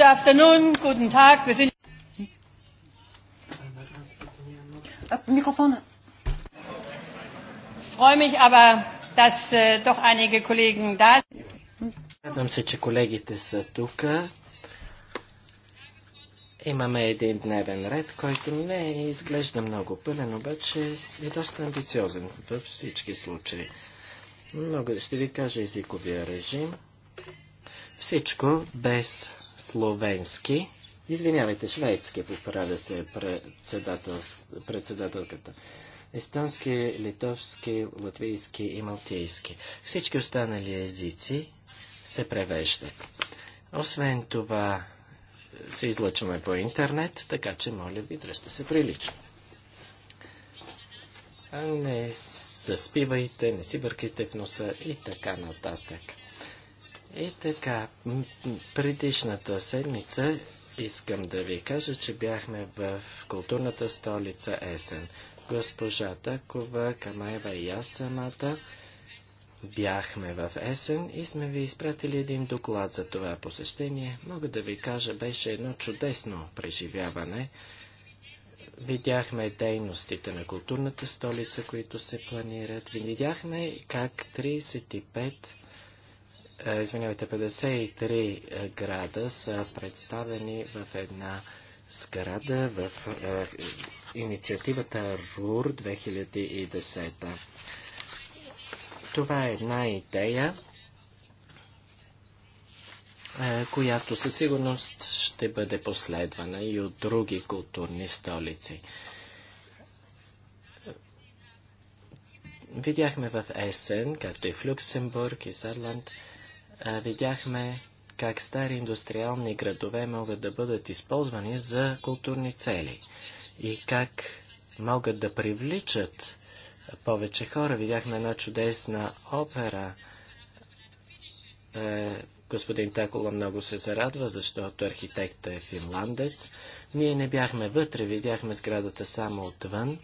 Good afternoon, guten Tag. Wir sind Mikrofone. Freue mich aber, dass äh, doch einige Kollegen da sind. Радвам се, че колегите са тук. Имаме един дневен ред, който не изглежда много пълен, обаче е доста амбициозен във всички случаи. Много ще ви кажа езиковия режим. Всичко без словенски. Извинявайте, шведски, поправя се председателката. Естонски, литовски, латвийски и малтийски. Всички останали езици се превеждат. Освен това, се излъчваме по интернет, така че, моля ви, дръжте се прилично. Не заспивайте, не си бъркайте в носа и така нататък. И така, предишната седмица искам да ви кажа, че бяхме в културната столица Есен. Госпожа Такова, Камаева и аз самата бяхме в Есен и сме ви изпратили един доклад за това посещение. Мога да ви кажа, беше едно чудесно преживяване. Видяхме дейностите на културната столица, които се планират. Видяхме как 35 е, извинявайте, 53 е, града са представени в една сграда в е, инициативата РУР 2010. Това е една идея, е, която със сигурност ще бъде последвана и от други културни столици. Видяхме в Есен, както и в Люксембург и Сърланд видяхме как стари индустриални градове могат да бъдат използвани за културни цели и как могат да привличат повече хора. Видяхме една чудесна опера. Е, господин Такола много се зарадва, защото архитектът е финландец. Ние не бяхме вътре, видяхме сградата само отвън.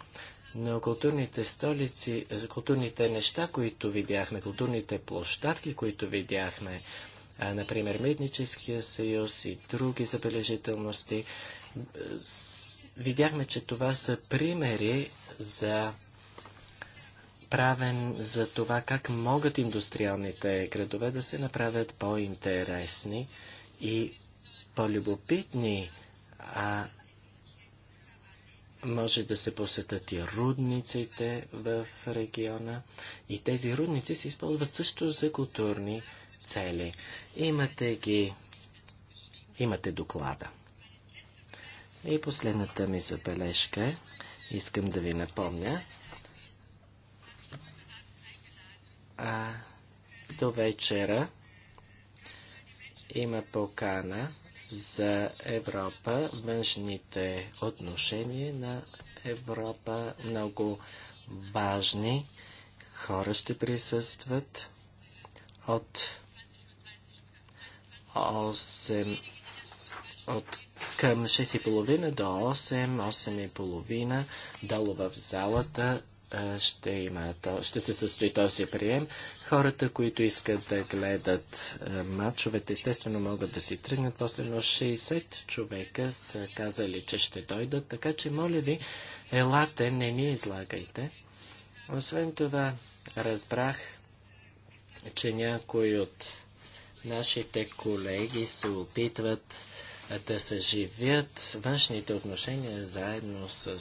На културните столици, за е, културните неща, които видяхме, културните площадки, които видяхме, а, например медническия съюз и други забележителности, е, видяхме, че това са примери за правен за това как могат индустриалните градове да се направят по-интересни и по-любопитни, а може да се посетят и рудниците в региона. И тези рудници се използват също за културни цели. Имате ги. Имате доклада. И последната ми забележка искам да ви напомня. А, до вечера има покана за Европа, външните отношения на Европа. Много важни хора ще присъстват от 8 от към 6.30 до 8, 8.30 долу в залата ще, има, ще се състои този прием. Хората, които искат да гледат мачовете, естествено могат да си тръгнат после, но 60 човека са казали, че ще дойдат, така че моля ви, елате, не ни излагайте. Освен това, разбрах, че някои от нашите колеги се опитват да съживят външните отношения заедно с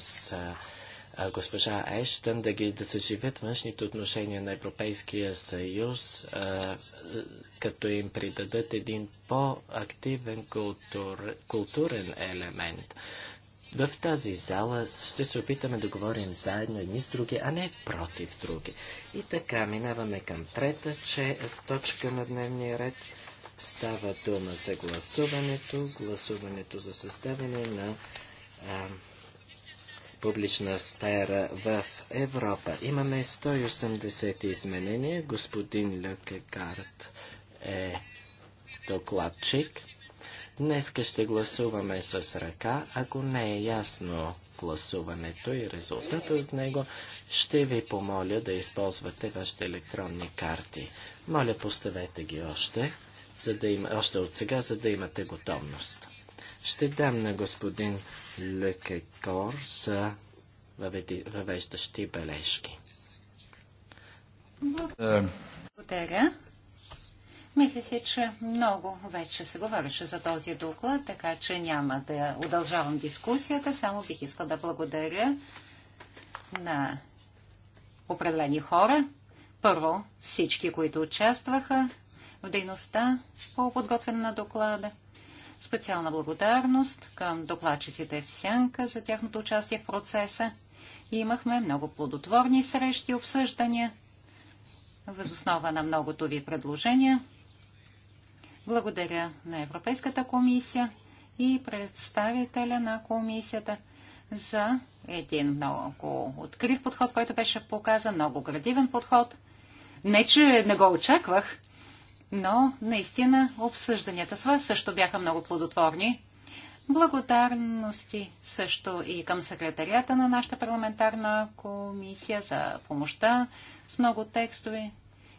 госпожа Ештън да ги да съживят външните отношения на Европейския съюз, а, като им придадат един по-активен култур, културен елемент. В тази зала ще се опитаме да говорим заедно едни с други, а не против други. И така, минаваме към трета, че точка на дневния ред става дума за гласуването, гласуването за съставяне на а, публична сфера в Европа. Имаме 180 изменения. Господин Лъкегард е докладчик. Днеска ще гласуваме с ръка. Ако не е ясно гласуването и резултатът от него, ще ви помоля да използвате вашите електронни карти. Моля, поставете ги още, за да им, още от сега, за да имате готовност. Ще дам на господин Лекекор за въвеждащи бележки. Благодаря. Мисля си, че много вече се говореше за този доклад, така че няма да удължавам дискусията. Само бих искал да благодаря на определени хора. Първо, всички, които участваха в дейността по подготвяне на доклада. Специална благодарност към докладчиците в Сянка за тяхното участие в процеса. И имахме много плодотворни срещи и обсъждания възоснова на многото ви предложения. Благодаря на Европейската комисия и представителя на комисията за един много открит подход, който беше показан, много градивен подход. Не, че не го очаквах, но наистина обсъжданията с вас също бяха много плодотворни. Благодарности също и към секретарията на нашата парламентарна комисия за помощта с много текстове.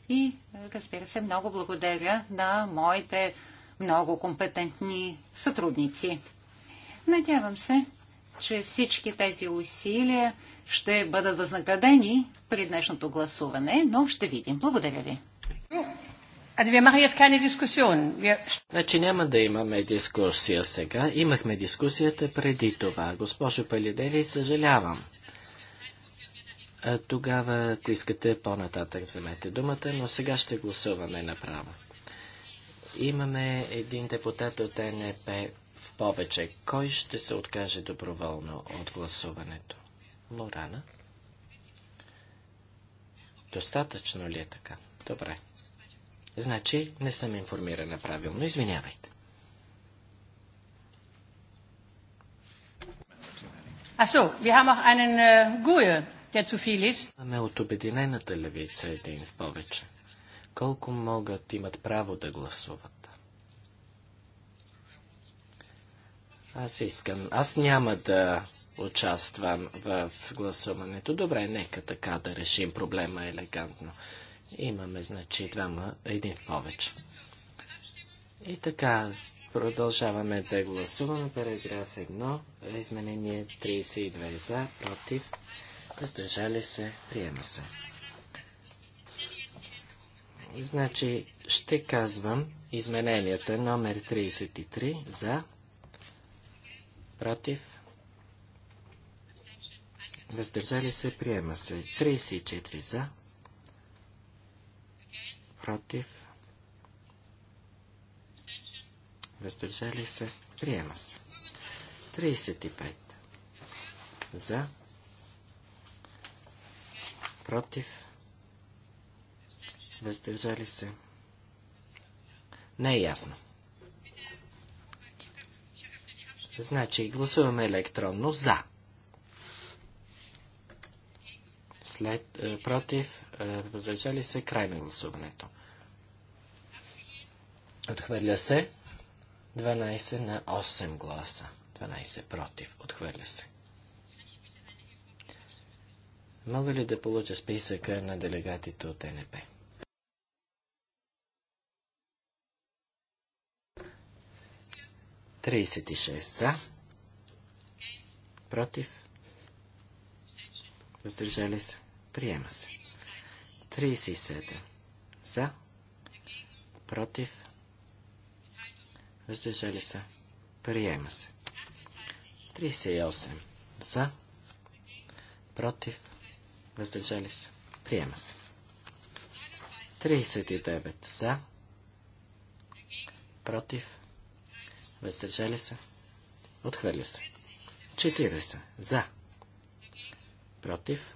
И разбира се, много благодаря на моите много компетентни сътрудници. Надявам се, че всички тези усилия ще бъдат възнаградени при днешното гласуване, но ще видим. Благодаря ви. Значи няма да имаме дискусия сега. Имахме дискусията преди това. Госпожо Палидели, съжалявам. Тогава, ако искате, по-нататък вземете думата, но сега ще гласуваме направо. Имаме един депутат от НП в повече. Кой ще се откаже доброволно от гласуването? Лорана? Достатъчно ли е така? Добре. Значи не съм информирана правилно. Извинявайте. Achso, wir haben auch einen äh, Gue, der zu viel Аме от обединената левица един в повече. Колко могат имат право да гласуват? Аз искам. Аз няма да участвам в гласуването. Добре, нека така да решим проблема елегантно. Имаме, значи, двама, един в повече. И така, продължаваме да гласуваме параграф 1, изменение 32 за, против, въздържали се, приема се. Значи, ще казвам измененията номер 33 за, против, въздържали се, приема се, 34 за, против, въздържали се, приема се. 35 за, против, въздържали се. Не е ясно. Значи гласуваме електронно за. след, е, против, е, се, край на гласуването. Отхвърля се 12 на 8 гласа. 12 против. Отхвърля се. Мога ли да получа списъка на делегатите от НП? Тридесет и шест за. Против. Въздържали се. Приема се. 37. За. Против. Въздържали се. Приема се. 38. За. Против. Въздържали се. Приема се. 39. За. Против. Въздържали се. Отхвърля се. 40. За. Против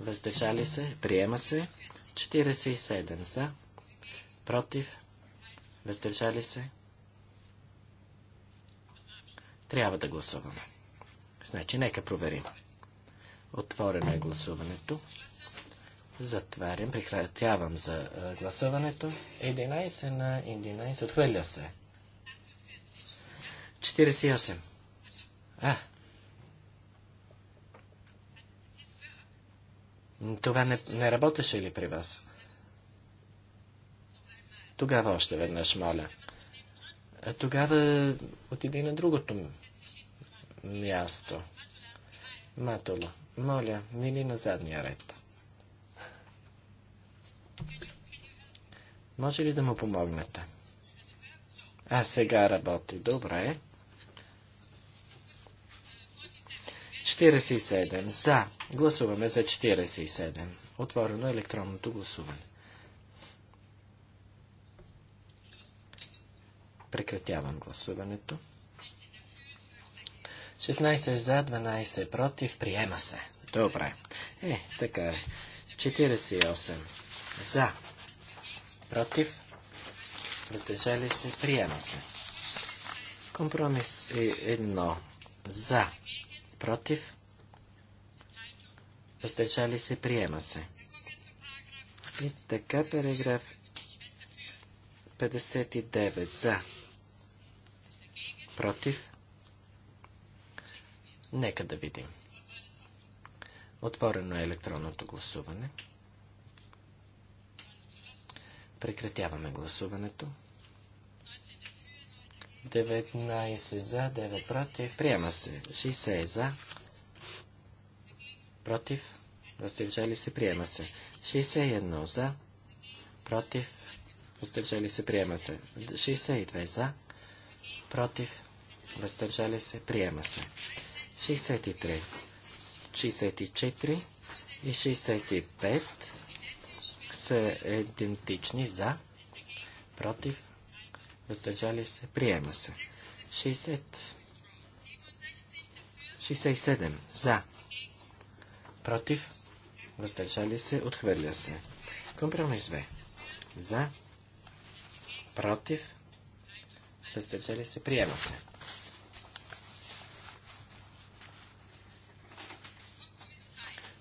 въздържали се, приема се. 47 за, против, въздържали се. Трябва да гласуваме. Значи, нека проверим. Отворено е гласуването. Затварям, прекратявам за гласуването. 11 на 11, отхвърля се. 48. А, Това не, не работеше ли при вас? Тогава още веднъж, моля. А тогава отиди на другото място. Матоло, моля, мили на задния ред. Може ли да му помогнете? А сега работи добре. 47 за, Гласуваме за 47. Отворено е електронното гласуване. Прекратявам гласуването. 16 за, 12 против. Приема се. Добре. Е, така е. 48 за, против, въздържали се, приема се. Компромис е едно за, против, въздържали се, приема се. И така параграф 59 за. Против. Нека да видим. Отворено е електронното гласуване. Прекратяваме гласуването. 19 за, 9 против. Приема се. 60 за против, въздържали се, приема се. 61 за, против, въздържали се, приема се. 62 за, против, въздържали се, приема се. 63, 64 и 65 са идентични за, против, въздържали се, приема се. 60, 67 за, против, въздържали се, отхвърля се. Компромис 2. За, против, въздържали се, приема се.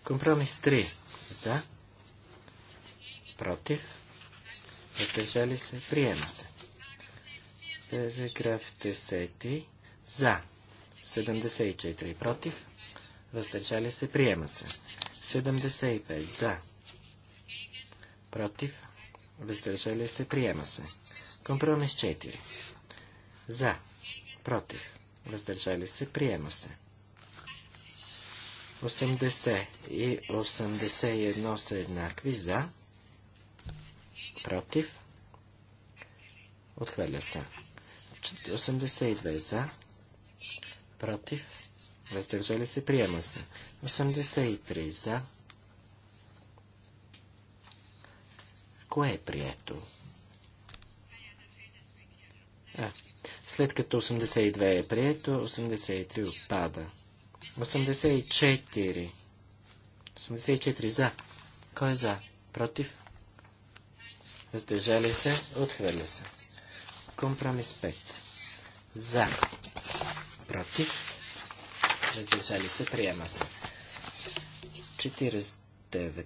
Компромис 3. За, против, въздържали се, приема се. Параграф 10. За, 74 против, въздържали се, приема се. 75 за, против, въздържали се, приема се. Компромис 4 за, против, въздържали се, приема се. 80 и 81 са еднакви за, против, отхвърля се. 82 за, против, въздържали се, приема се. 83 за. Кое е прието? А, след като 82 е прието, 83 отпада. 84. 84 за. Кой е за? Против? Въздържали се, отхвърля се. Компромис 5. За. Против въздържали се, приема се. 49.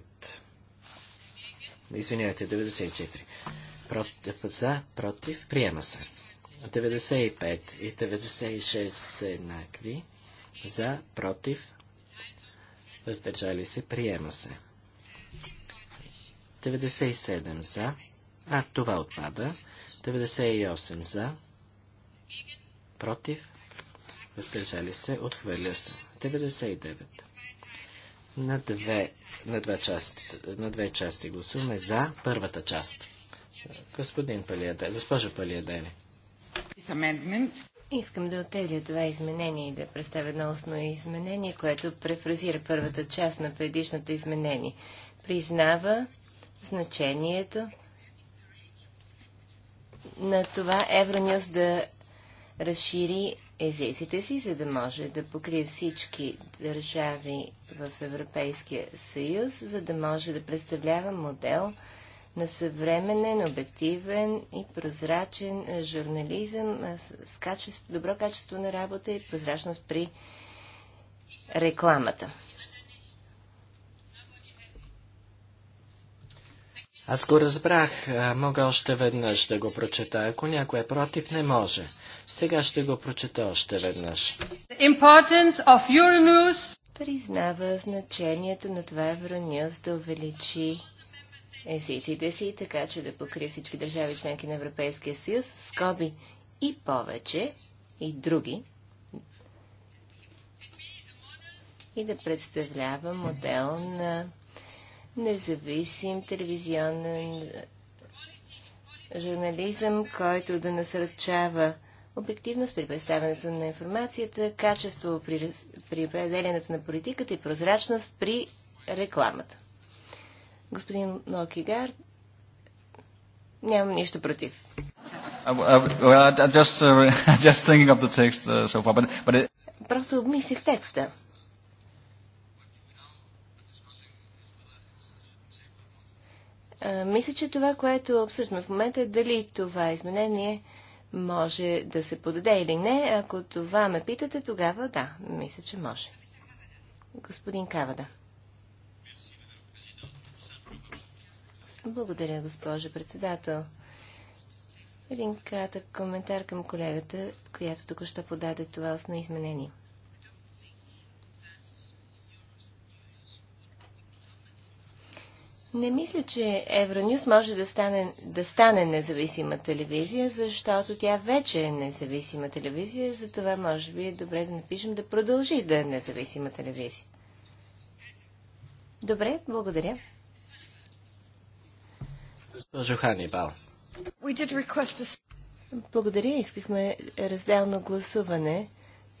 Извинявайте, 94. за, против, приема се. 95 и 96 са еднакви. За, против, въздържали се, приема се. 97 за. А, това отпада. 98 за. Против въздържали се, отхвърля се. 99. На две, на, два части, на две части гласуваме за първата част. Господин Палиаде, госпожа Палиадели. Искам да отеля това изменение и да представя едно основно изменение, което префразира първата част на предишното изменение. Признава значението на това Евронюс да разшири езиците си, за да може да покрие всички държави в Европейския съюз, за да може да представлява модел на съвременен, обективен и прозрачен журнализъм с качество, добро качество на работа и прозрачност при рекламата. Аз го разбрах, мога още веднъж да го прочета. Ако някой е против, не може. Сега ще го прочета още веднъж. Признава значението на това Евронюс да увеличи езиците си, така че да покрие всички държави членки на Европейския съюз, скоби и повече, и други, и да представлява модел на независим телевизионен журнализъм, който да насърчава обективност при представянето на информацията, качество при, при определенето на политиката и прозрачност при рекламата. Господин Нокигар, нямам нищо против. Просто обмислих текста. мисля, че това, което обсъждаме в момента е дали това изменение може да се подаде или не. Ако това ме питате, тогава да, мисля, че може. Господин Кавада. Благодаря, госпожа председател. Един кратък коментар към колегата, която току-що подаде това основно изменение. Не мисля, че Евронюс може да стане, да стане независима телевизия, защото тя вече е независима телевизия, затова може би е добре да напишем да продължи да е независима телевизия. Добре, благодаря. Госпожо Ханибал. Благодаря, искахме разделно гласуване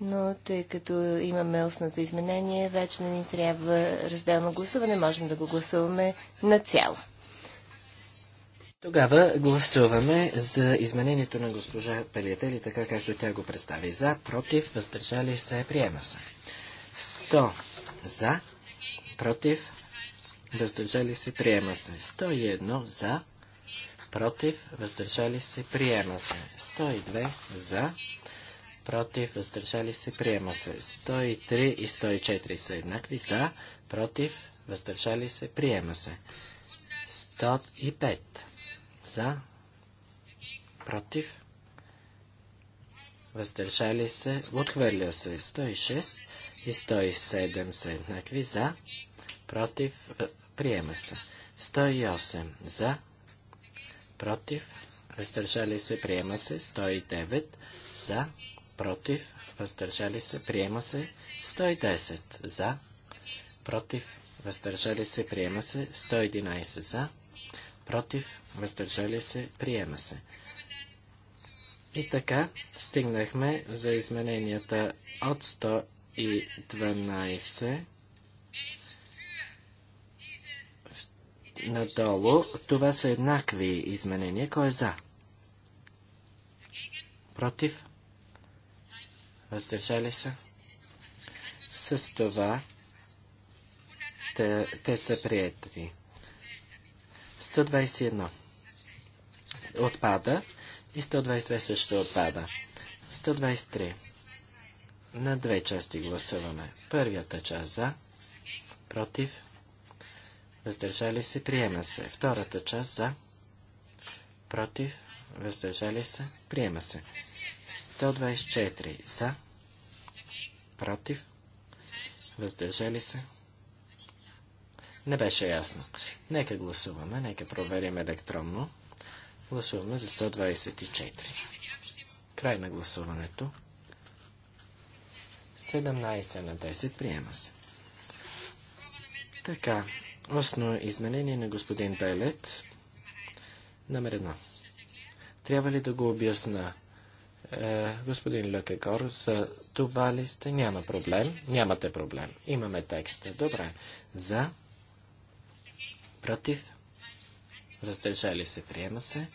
но тъй като имаме устното изменение, вече не ни трябва разделно гласуване, можем да го гласуваме на цяло. Тогава гласуваме за изменението на госпожа Пелиетели, така както тя го представи. За, против, въздържали се, приема се. 100 за, против, въздържали се, приема се. 101 за, против, въздържали се, приема се. 102 за, против, въздържали се, приема се. 103 и 104 са еднакви, за, против, въздържали се, приема се. 105 за, против, въздържали се, отхвърля се. 106 и 107 са еднакви, за, против, приема се. 108 за, против, въздържали се, приема се. 109 за, против, въздържали се, приема се 110 за, против, въздържали се, приема се 111 за, против, въздържали се, приема се. И така стигнахме за измененията от 112 надолу. Това са еднакви изменения. Кой е за? Против? въздържали се. С това те, те са приятели. 121 отпада и 122 също отпада. 123 на две части гласуваме. Първата част за, против, въздържали се, приема се. Втората част за, против, въздържали се, приема се. 124 за, против, въздържали се. Не беше ясно. Нека гласуваме, нека проверим електронно. Гласуваме за 124. Край на гласуването. 17 на 10 приема се. Така, основно изменение на господин Белет. Номер едно. Трябва ли да го обясна? Е, господин Лекегор, за това ли сте? Няма проблем. Нямате проблем. Имаме текста. Добре. За. Против. Въздържали се. Приема се.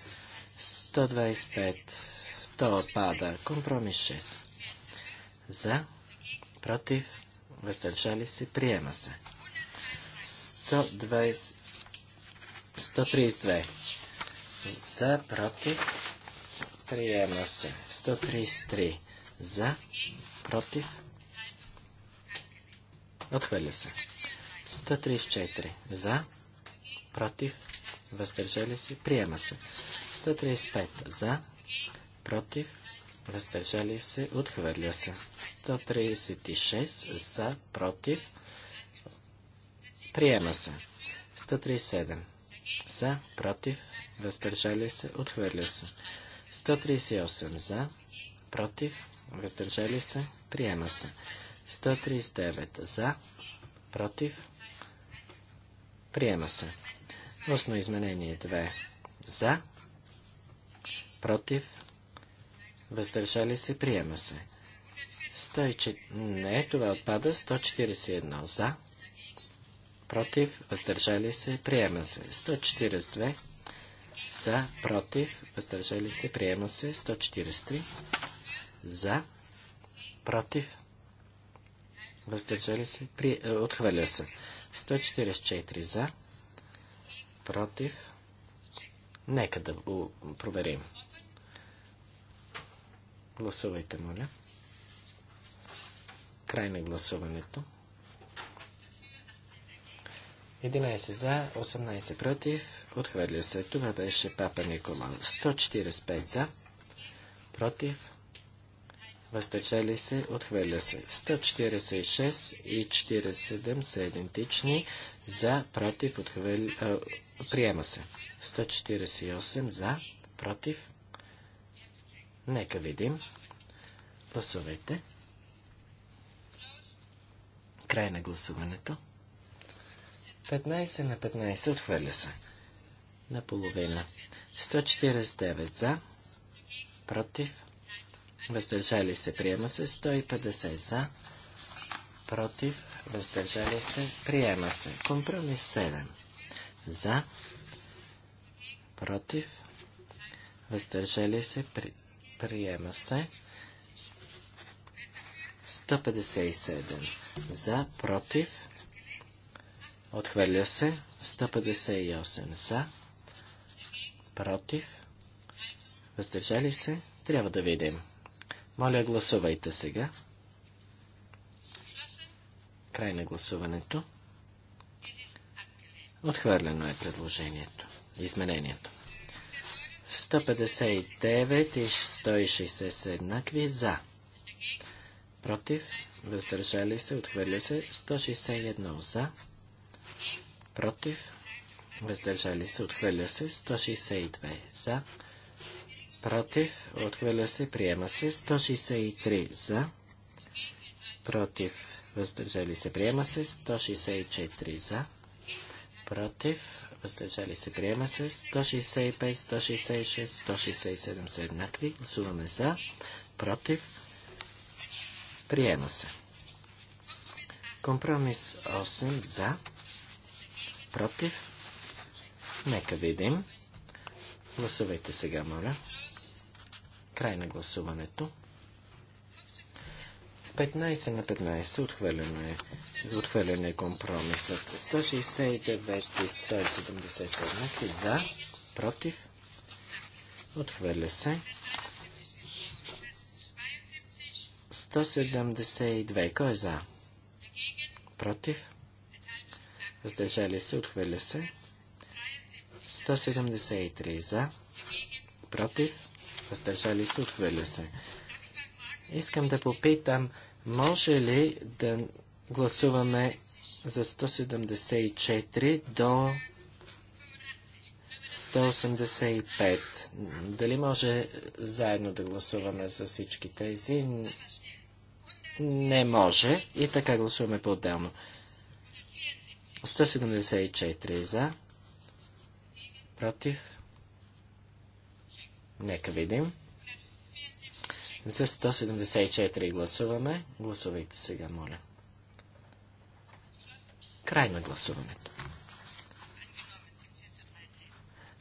125. То отпада. Компромис 6. За. Против. Въздържали се. Приема се. 120... 132. За. Против Приема се. 133 за, против. Отхвърля се. 134 за, против. Въздържали се. Приема се. 135 за, против. Въздържали се. Отхвърля се. 136 за, против. Приема се. 137 за, против. Въздържали се. Отхвърля се. 138 за, против, въздържали се, приема се. 139 за, против, приема се. Осно изменение 2 за, против, въздържали се, приема се. 104... Не, това отпада 141 за, против, въздържали се, приема се. 142 за, против, въздържали се, приема се 143 за, против, въздържали се, при, е, отхвърля се 144 за, против, нека да го проверим. Гласувайте, моля. Край на гласуването. 11 за, 18 против, Отхвърля се. Това беше Папа Николан. 145 за. Против. Въздържали се. Отхвърля се. 146 и 47 са идентични. За. Против. Отхвърля... А, приема се. 148 за. Против. Нека видим. Гласувайте. Край на гласуването. 15 на 15 отхвърля се наполовина. 149 за, против, въздържали се, приема се. 150 за, против, въздържали се, приема се. Компромис 7 за, против, въздържали се, при, приема се. 157 за, против, отхвърля се. 158 за, против, въздържали се, трябва да видим. Моля, гласувайте сега. Край на гласуването. Отхвърлено е предложението, изменението. 159 и 160 са еднакви за. Против, въздържали се, отхвърля се, 161 за. Против, въздържали се, отхвърля се, 162 за, против, отхвърля се, приема се, 163 за, против, въздържали се, приема се, 164 за, против, въздържали се, приема се, 165, 166, 167 са еднакви, гласуваме за, против, приема се. Компромис 8 за, против, Нека видим. Гласувайте сега, моля. Край на гласуването. 15 на 15 отхвърлено е, отхвърлено е компромисът. 169 и 177 за, против, отхвърля се. 172. Кой е за? Против? Въздържали се, отхвърля се. 173 за, против, въздържали се, отхвърля се. Искам да попитам, може ли да гласуваме за 174 до 185? Дали може заедно да гласуваме за всички тези? Не може. И така гласуваме по-отделно. 174 за, Против? Нека видим. За 174 гласуваме. Гласувайте сега, моля. Край на гласуването.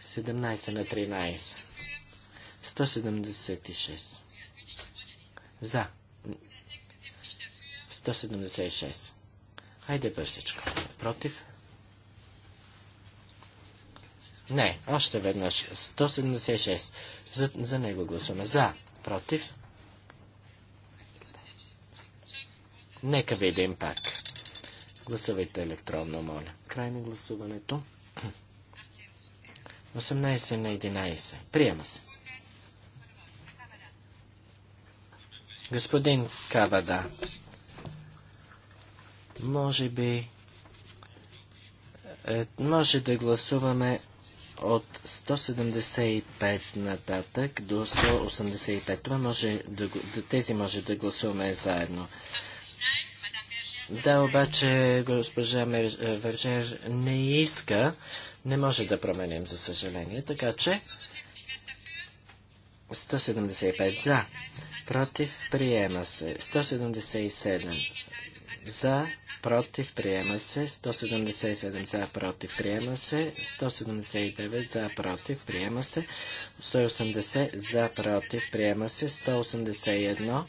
17 на 13. 176. За. 176. Хайде бързичко. Против. Не, още веднъж. 176. За, за него гласуваме. За. Против. Нека видим пак. Гласувайте електронно, моля. Край на гласуването. 18 на 11. Приема се. Господин Кавада, може би е, може да гласуваме от 175 нататък до 185. Това може да, тези може да гласуваме заедно. Да, обаче госпожа е, Вержер не иска, не може да променим, за съжаление, така че 175 за, против, приема се, 177 за, против, приема се. 177 за, против, приема се. 179 за, против, приема се. 180 за, против, приема се. 181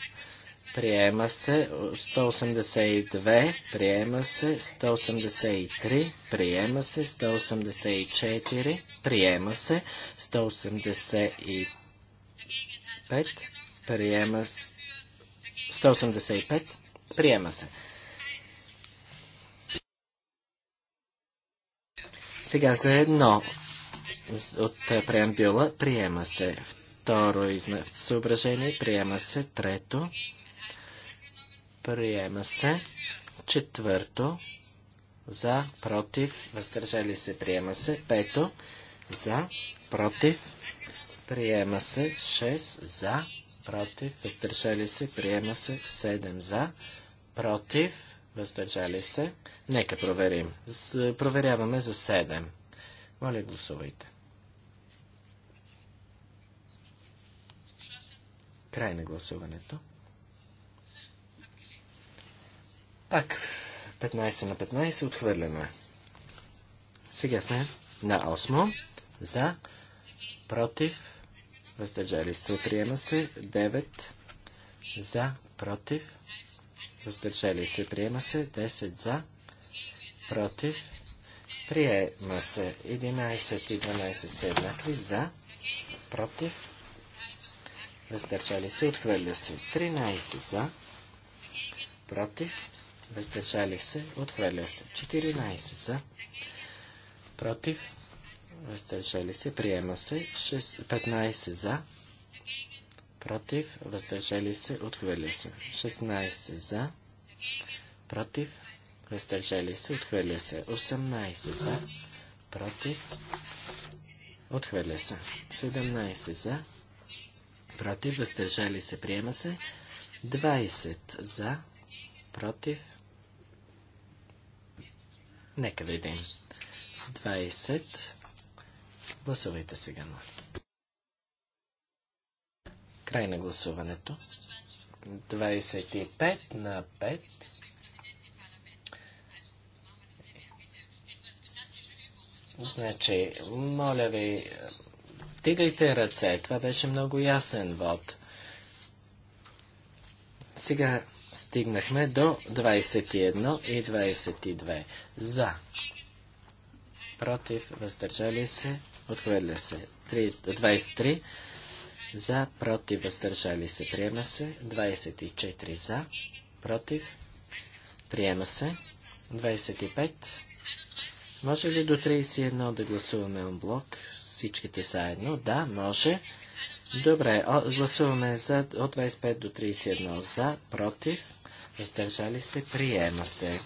приема се. 182 приема се. 183 приема се. 184 приема се. 185 приема 185 приема се. Сега за едно от е, преамбюла приема се. Второ съображение приема се. Трето приема се. Четвърто за, против, въздържали се, приема се. Пето за, против, приема се. Шест за, против, въздържали се, приема се. Седем за, против, въздържали се. Нека проверим. проверяваме за 7. Моля, гласувайте. Край на гласуването. Пак 15 на 15 отхвърляме. Сега сме на 8. За, против, въздържали се, приема се 9. За, против, въздържали се, приема се, 10 за, против, приема се, 11 и 12 са еднакви, за, против, въздържали се, отхвърля се, 13 за, против, въздържали се, отхвърля се, 14 за, против, въздържали се, приема се, 15 за, против, въздържали се, отхвърля се. 16 за, против, въздържали се, отхвърля се. 18 за, против, отхвърля се. 17 за, против, въздържали се, приема се. 20 за, против. Нека видим. 20. Гласувайте сега. Моля. Край на гласуването. 25 на 5. Значи, моля ви, вдигайте ръце. Това беше много ясен вод. Сега стигнахме до 21 и 22. За. Против, въздържали се, отхвърля се. 30, 23 за, против, въздържали се, приема се. 24 за, против, приема се. 25. Може ли до 31 да гласуваме блок? Всичките заедно? Да, може. Добре, гласуваме за, от 25 до 31 за, против, въздържали се, приема се.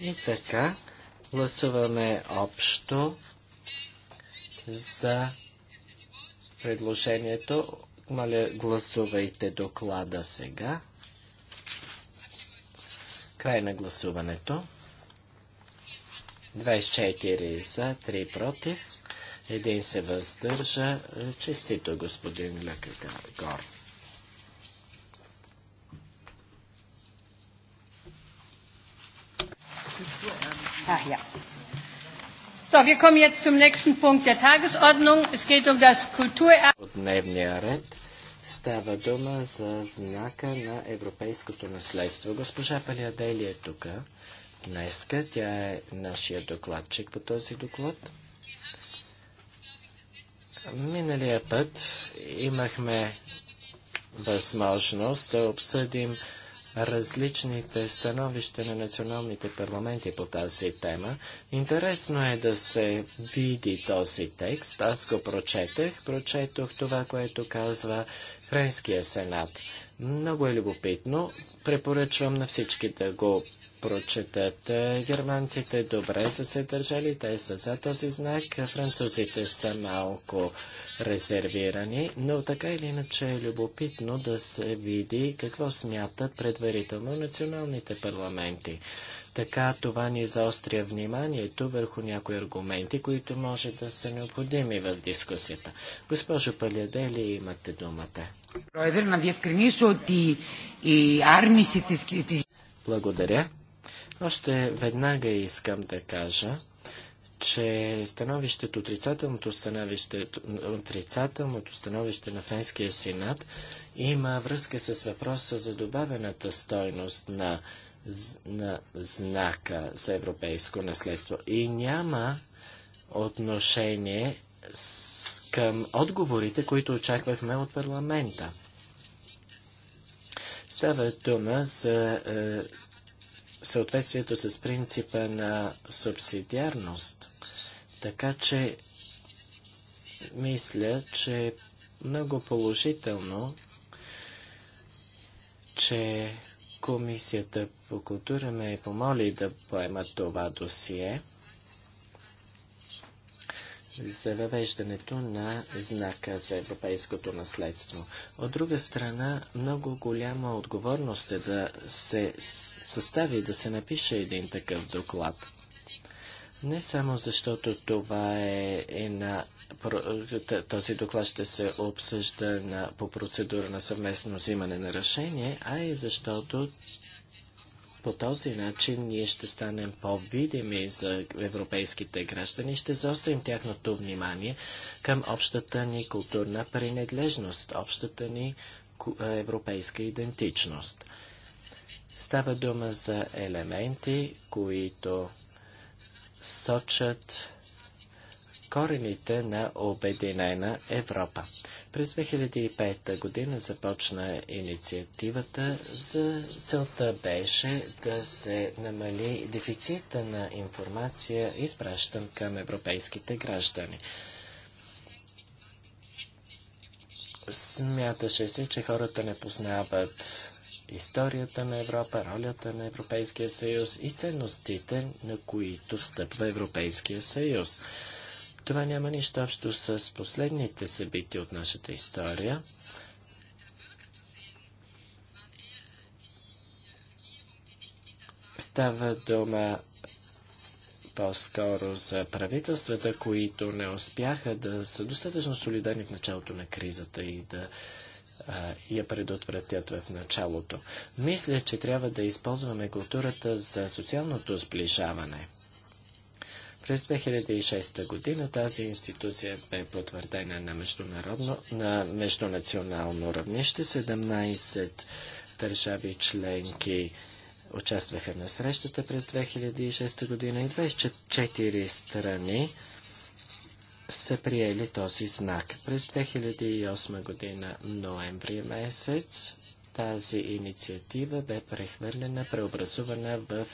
И така, гласуваме общо за предложението. Моля, гласувайте доклада сега. Край на гласуването. 24 за, 3 против. Един се въздържа. Честито, господин Лекагор. Ah, yeah. So, wir kommen jetzt zum nächsten Punkt der Tagesordnung. Es geht um das Kulturerbe. Става дума за знака на европейското наследство. Госпожа Палиадели е тук днеска. Тя е нашия докладчик по този доклад. Миналия път имахме възможност да обсъдим различните становища на националните парламенти по тази тема. Интересно е да се види този текст. Аз го прочетех. Прочетох това, което казва Френския сенат. Много е любопитно. Препоръчвам на всички да го прочетат. Германците добре са се държали, те са за този знак, французите са малко резервирани, но така или иначе е любопитно да се види какво смятат предварително националните парламенти. Така това ни заостря вниманието върху някои аргументи, които може да са необходими в дискусията. Госпожо Палядели, имате думата. Благодаря. Още веднага искам да кажа, че становището, отрицателното становище, отрицателното становище на Френския сенат има връзка с въпроса за добавената стойност на, на знака за европейско наследство и няма отношение с, към отговорите, които очаквахме от парламента. Става дума за е, съответствието с принципа на субсидиарност. Така че мисля, че е много положително, че Комисията по култура ме е помоли да поема това досие – за въвеждането на знака за европейското наследство. От друга страна, много голяма отговорност е да се състави, да се напише един такъв доклад. Не само защото това е една този доклад ще се обсъжда на, по процедура на съвместно взимане на решение, а и защото по този начин ние ще станем по-видими за европейските граждани, ще заострим тяхното внимание към общата ни културна принадлежност, общата ни е, европейска идентичност. Става дума за елементи, които сочат корените на Обединена Европа. През 2005 година започна инициативата. За целта беше да се намали дефицита на информация, изпращан към европейските граждани. Смяташе се, че хората не познават историята на Европа, ролята на Европейския съюз и ценностите, на които встъпва Европейския съюз. Това няма нищо общо с последните събития от нашата история. Става дума по-скоро за правителствата, които не успяха да са достатъчно солидарни в началото на кризата и да а, я предотвратят в началото. Мисля, че трябва да използваме културата за социалното сближаване. През 2006 година тази институция бе потвърдена на, международно, на междунационално равнище. 17 държави членки участваха на срещата през 2006 година и 24 страни са приели този знак. През 2008 година, ноември месец, тази инициатива бе прехвърлена, преобразувана в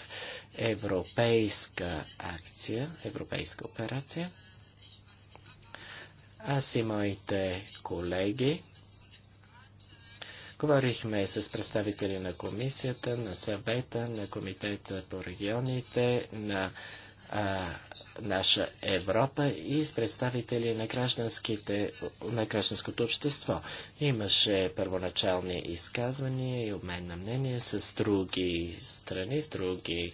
европейска акция, европейска операция. Аз и моите колеги говорихме с представители на комисията, на съвета, на комитета по регионите, на а, наша Европа и с представители на, гражданските, на гражданското общество. Имаше първоначални изказвания и обмен на мнение с други страни, с други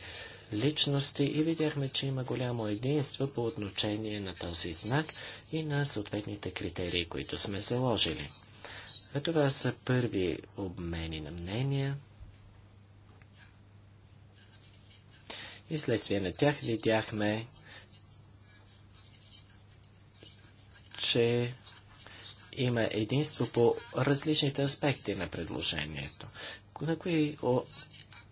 личности и видяхме, че има голямо единство по отношение на този знак и на съответните критерии, които сме заложили. А това са първи обмени на мнения. И следствие на тях видяхме, че има единство по различните аспекти на предложението. На кои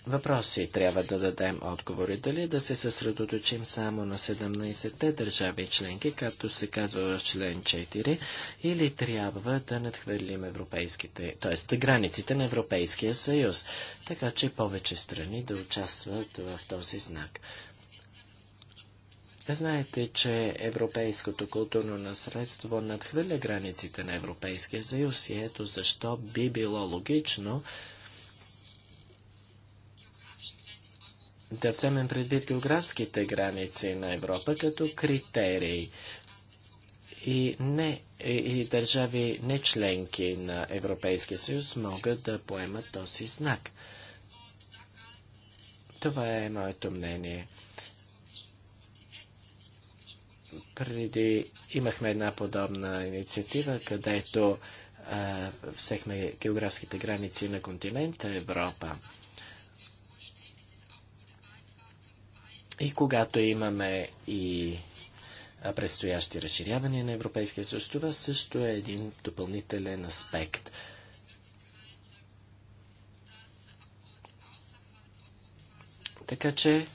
въпроси трябва да дадем отговори. Дали да се съсредоточим само на 17-те държави членки, както се казва в член 4, или трябва да надхвърлим европейските, т.е. границите на Европейския съюз, така че повече страни да участват в този знак. Знаете, че европейското културно наследство надхвърля границите на Европейския съюз и ето защо би било логично да вземем предвид географските граници на Европа като критерии и не и държави не членки на Европейския съюз могат да поемат този знак. Това е моето мнение. Преди имахме една подобна инициатива, където а, всехме географските граници на континента Европа. и когато имаме и предстоящи разширявания на Европейския съюз, това също е един допълнителен аспект. Така че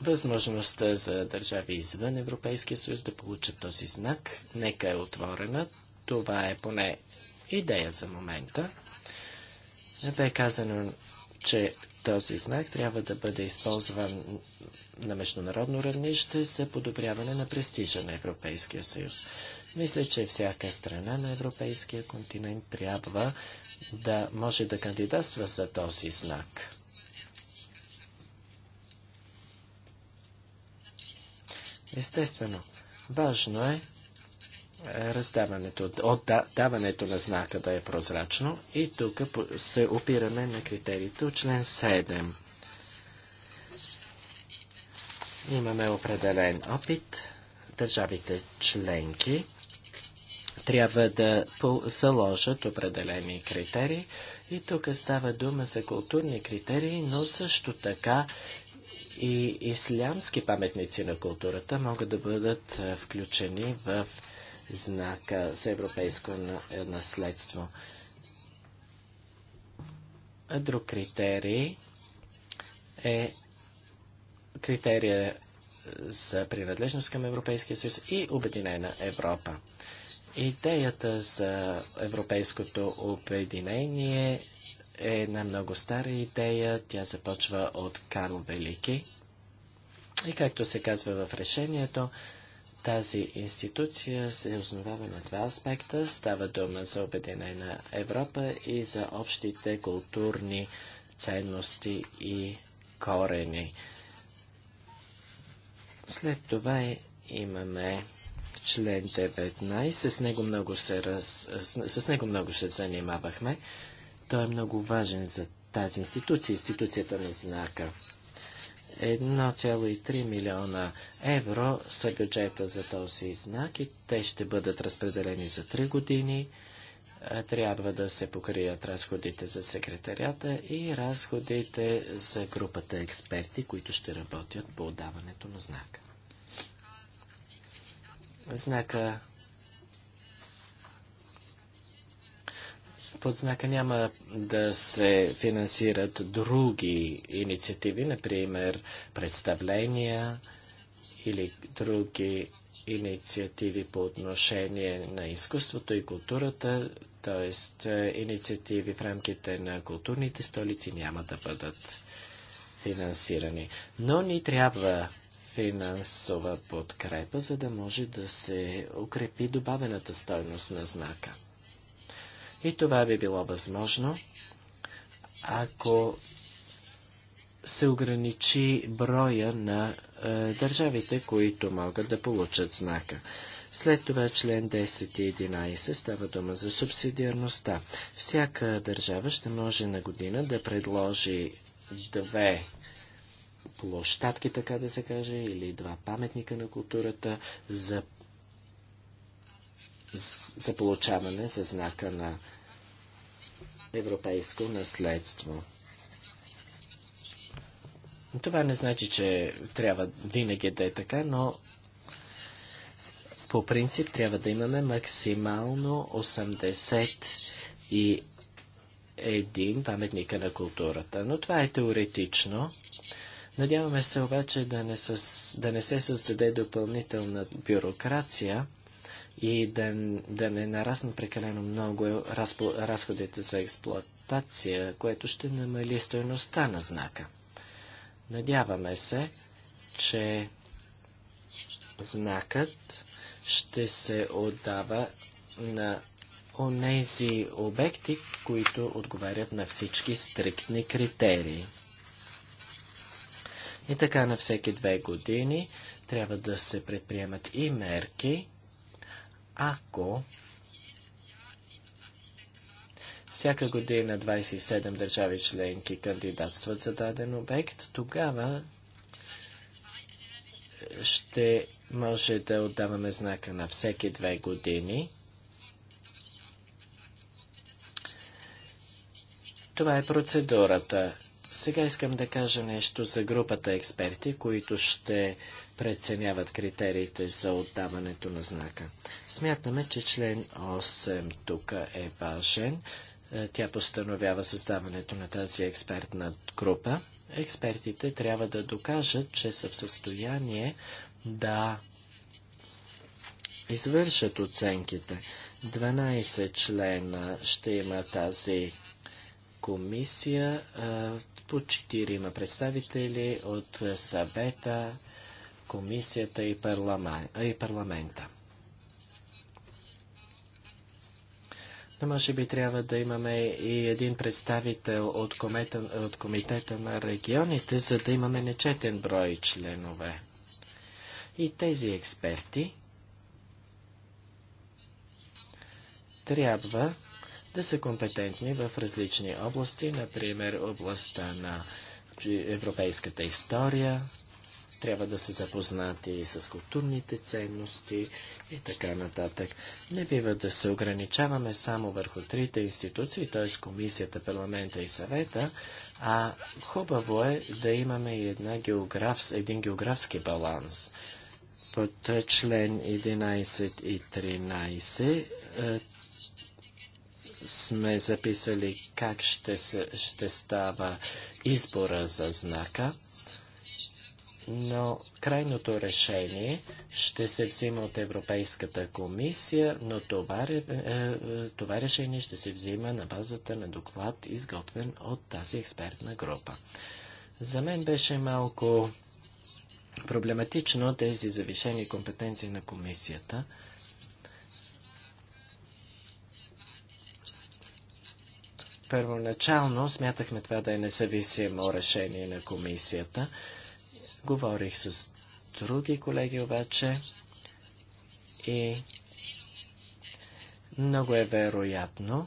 възможността за държави извън Европейския съюз да получат този знак, нека е отворена. Това е поне идея за момента. Бе казано, че този знак трябва да бъде използван на международно равнище за подобряване на престижа на Европейския съюз. Мисля, че всяка страна на европейския континент трябва да може да кандидатства за този знак. Естествено, важно е е, раздаването, от даването на знака да е прозрачно и тук се опираме на критериите от член 7. Имаме определен опит. Държавите членки трябва да заложат определени критерии и тук става дума за културни критерии, но също така и ислямски паметници на културата могат да бъдат е, включени в знака за европейско наследство. Друг критерий е критерия за принадлежност към Европейския съюз и Обединена Европа. Идеята за европейското обединение е една много стара идея. Тя започва от Карл Велики. И както се казва в решението, тази институция се основава на два аспекта. Става дума за обединена Европа и за общите културни ценности и корени. След това е, имаме член 19. С него много се, раз... с него много се занимавахме. Той е много важен за тази институция, институцията на знака. 1,3 милиона евро са бюджета за този знак и те ще бъдат разпределени за 3 години. Е, трябва да се покрият разходите за секретарията и разходите за групата експерти, които ще работят по отдаването на знака. Знака под знака няма да се финансират други инициативи, например представления или други инициативи по отношение на изкуството и културата, т.е. инициативи в рамките на културните столици няма да бъдат финансирани. Но ни трябва финансова подкрепа, за да може да се укрепи добавената стойност на знака. И това би било възможно, ако се ограничи броя на е, държавите, които могат да получат знака. След това член 10 и 11 става дума за субсидиарността. Всяка държава ще може на година да предложи две площадки, така да се каже, или два паметника на културата за, за получаване за знака на европейско наследство. Това не значи, че трябва винаги да е така, но по принцип трябва да имаме максимално 81 паметника на културата. Но това е теоретично. Надяваме се обаче да не, със... да не се създаде допълнителна бюрокрация, и да, да не нараснат прекалено много разпо, разходите за експлоатация, което ще намали стоеността на знака. Надяваме се, че знакът ще се отдава на онези обекти, които отговарят на всички стриктни критерии. И така на всеки две години трябва да се предприемат и мерки, ако всяка година 27 държави членки кандидатстват за даден обект, тогава ще може да отдаваме знака на всеки две години. Това е процедурата. Сега искам да кажа нещо за групата експерти, които ще преценяват критериите за отдаването на знака. Смятаме, че член 8 тук е важен. Е, тя постановява създаването на тази експертна група. Експертите трябва да докажат, че са в състояние да извършат оценките. 12 члена ще има тази комисия, е, по 4 има представители от съвета, комисията и, парламент, и парламента. Но може би трябва да имаме и един представител от, комета, от комитета на регионите, за да имаме нечетен брой членове. И тези експерти трябва да са компетентни в различни области, например областта на европейската история, трябва да са запознати с културните ценности и така нататък. Не бива да се ограничаваме само върху трите институции, т.е. Комисията, парламента и съвета, а хубаво е да имаме една географс, един географски баланс. Под член 11 и 13 е, сме записали как ще, се, ще става избора за знака но крайното решение ще се взима от Европейската комисия, но това, е, е, това решение ще се взима на базата на доклад, изготвен от тази експертна група. За мен беше малко проблематично тези завишени компетенции на комисията. Първоначално смятахме това да е независимо решение на комисията, Говорих с други колеги обаче и много е вероятно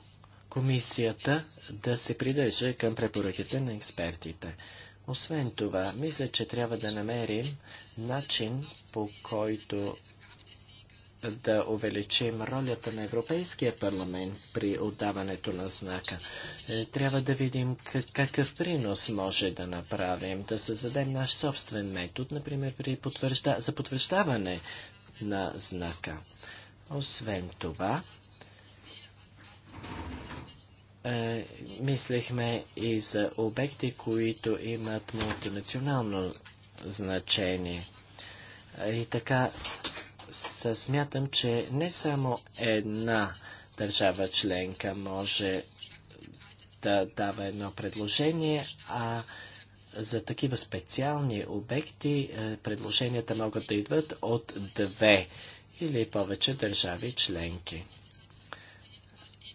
комисията да се придържа към препоръките на експертите. Освен това, мисля, че трябва да намерим начин по който да увеличим ролята на Европейския парламент при отдаването на знака. Е, трябва да видим какъв принос може да направим, да създадем наш собствен метод, например при потвържда... за потвърждаване на знака. Освен това, е, мислехме и за обекти, които имат мултинационално значение. Е, и така, смятам, че не само една държава членка може да дава едно предложение, а за такива специални обекти е, предложенията могат да идват от две или повече държави членки.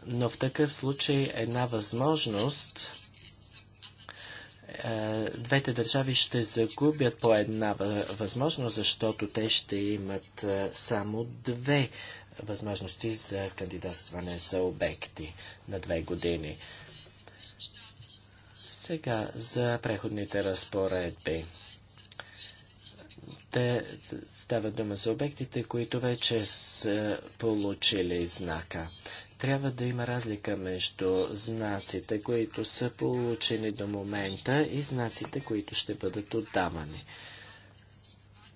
Но в такъв случай една възможност е, двете държави ще загубят по една възможност, защото те ще имат е, само две възможности за кандидатстване за обекти на две години. Сега за преходните разпоредби. Те стават дума за обектите, които вече са получили знака трябва да има разлика между знаците, които са получени до момента и знаците, които ще бъдат отдавани.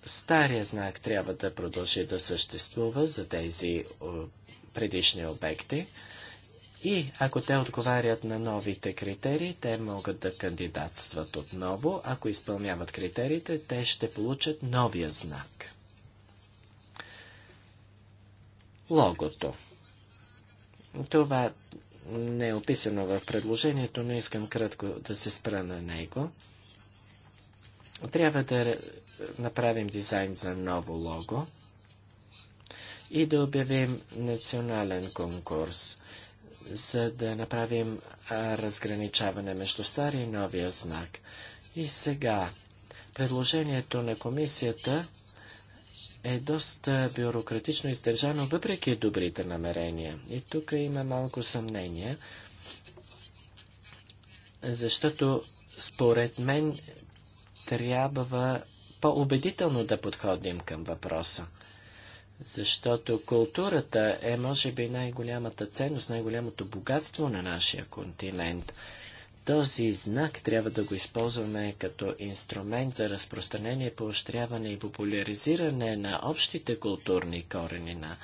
Стария знак трябва да продължи да съществува за тези предишни обекти и ако те отговарят на новите критерии, те могат да кандидатстват отново. Ако изпълняват критериите, те ще получат новия знак. Логото. Това не е описано в предложението, но искам кратко да се спра на него. Трябва да направим дизайн за ново лого и да обявим национален конкурс, за да направим разграничаване между стария и новия знак. И сега, предложението на комисията е доста бюрократично издържано, въпреки добрите намерения. И тук има малко съмнение, защото според мен трябва по-убедително да подходим към въпроса. Защото културата е, може би, най-голямата ценност, най-голямото богатство на нашия континент – този знак трябва да го използваме като инструмент за разпространение, поощряване и популяризиране на общите културни корени на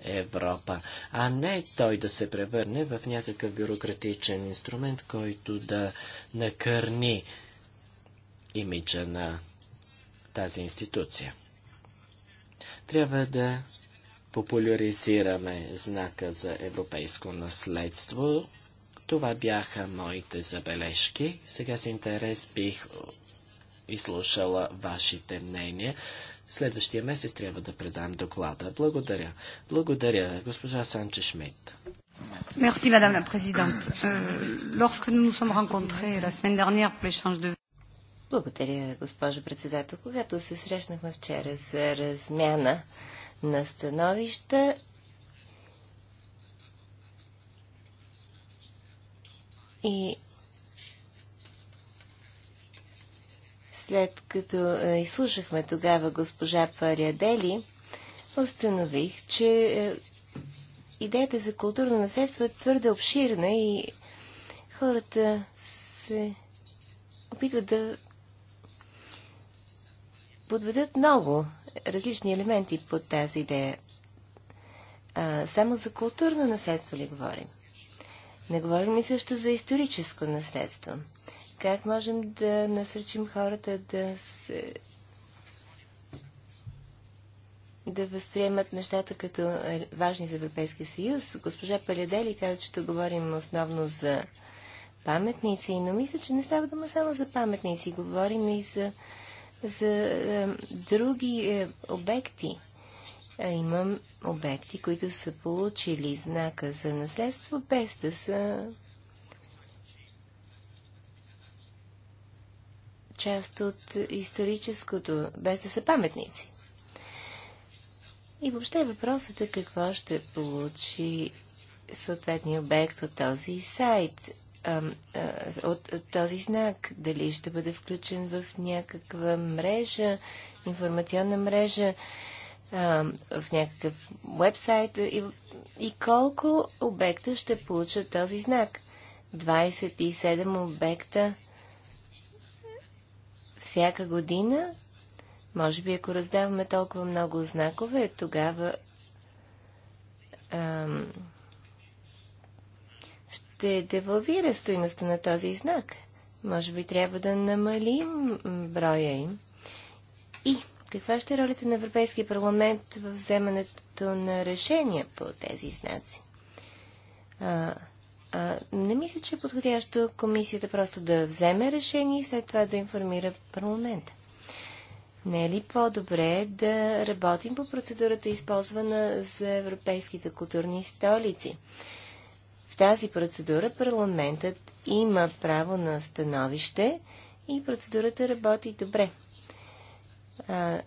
Европа, а не той да се превърне в някакъв бюрократичен инструмент, който да накърни имиджа на тази институция. Трябва да популяризираме знака за европейско наследство това бяха моите забележки. Сега с интерес бих изслушала вашите мнения. Следващия месец трябва да предам доклада. Благодаря. Благодаря, госпожа Санче Шмидт. Merci, Madame la Présidente. Euh, lorsque nous nous sommes rencontrés la semaine dernière pour l'échange de... Благодаря, госпожо председател. Когато се срещнахме вчера за размяна на становища, И след като е, изслушахме тогава госпожа Париадели, установих, че е, идеята за културно наследство е твърде обширна и хората се опитват да подведат много различни елементи под тази идея. А, само за културно наследство ли говорим? Не говорим и също за историческо наследство. Как можем да насръчим хората да се да възприемат нещата като е, важни за Европейския съюз. Госпожа Палядели каза, че тук говорим основно за паметници, но мисля, че не става дума само за паметници. Говорим и за, за, за други е, обекти. А имам обекти, които са получили знака за наследство, без да са част от историческото, без да са паметници. И въобще въпросът е какво ще получи съответния обект от този сайт, от този знак. Дали ще бъде включен в някаква мрежа, информационна мрежа в някакъв вебсайт и, и колко обекта ще получат този знак. 27 обекта всяка година. Може би, ако раздаваме толкова много знакове, тогава ам, ще девалвира стоиността на този знак. Може би трябва да намалим броя им. И каква ще е ролята на Европейския парламент в вземането на решения по тези знаци? А, а, не мисля, че е подходящо комисията просто да вземе решение и след това да информира парламента. Не е ли по-добре да работим по процедурата, използвана за европейските културни столици? В тази процедура парламентът има право на становище и процедурата работи добре. А,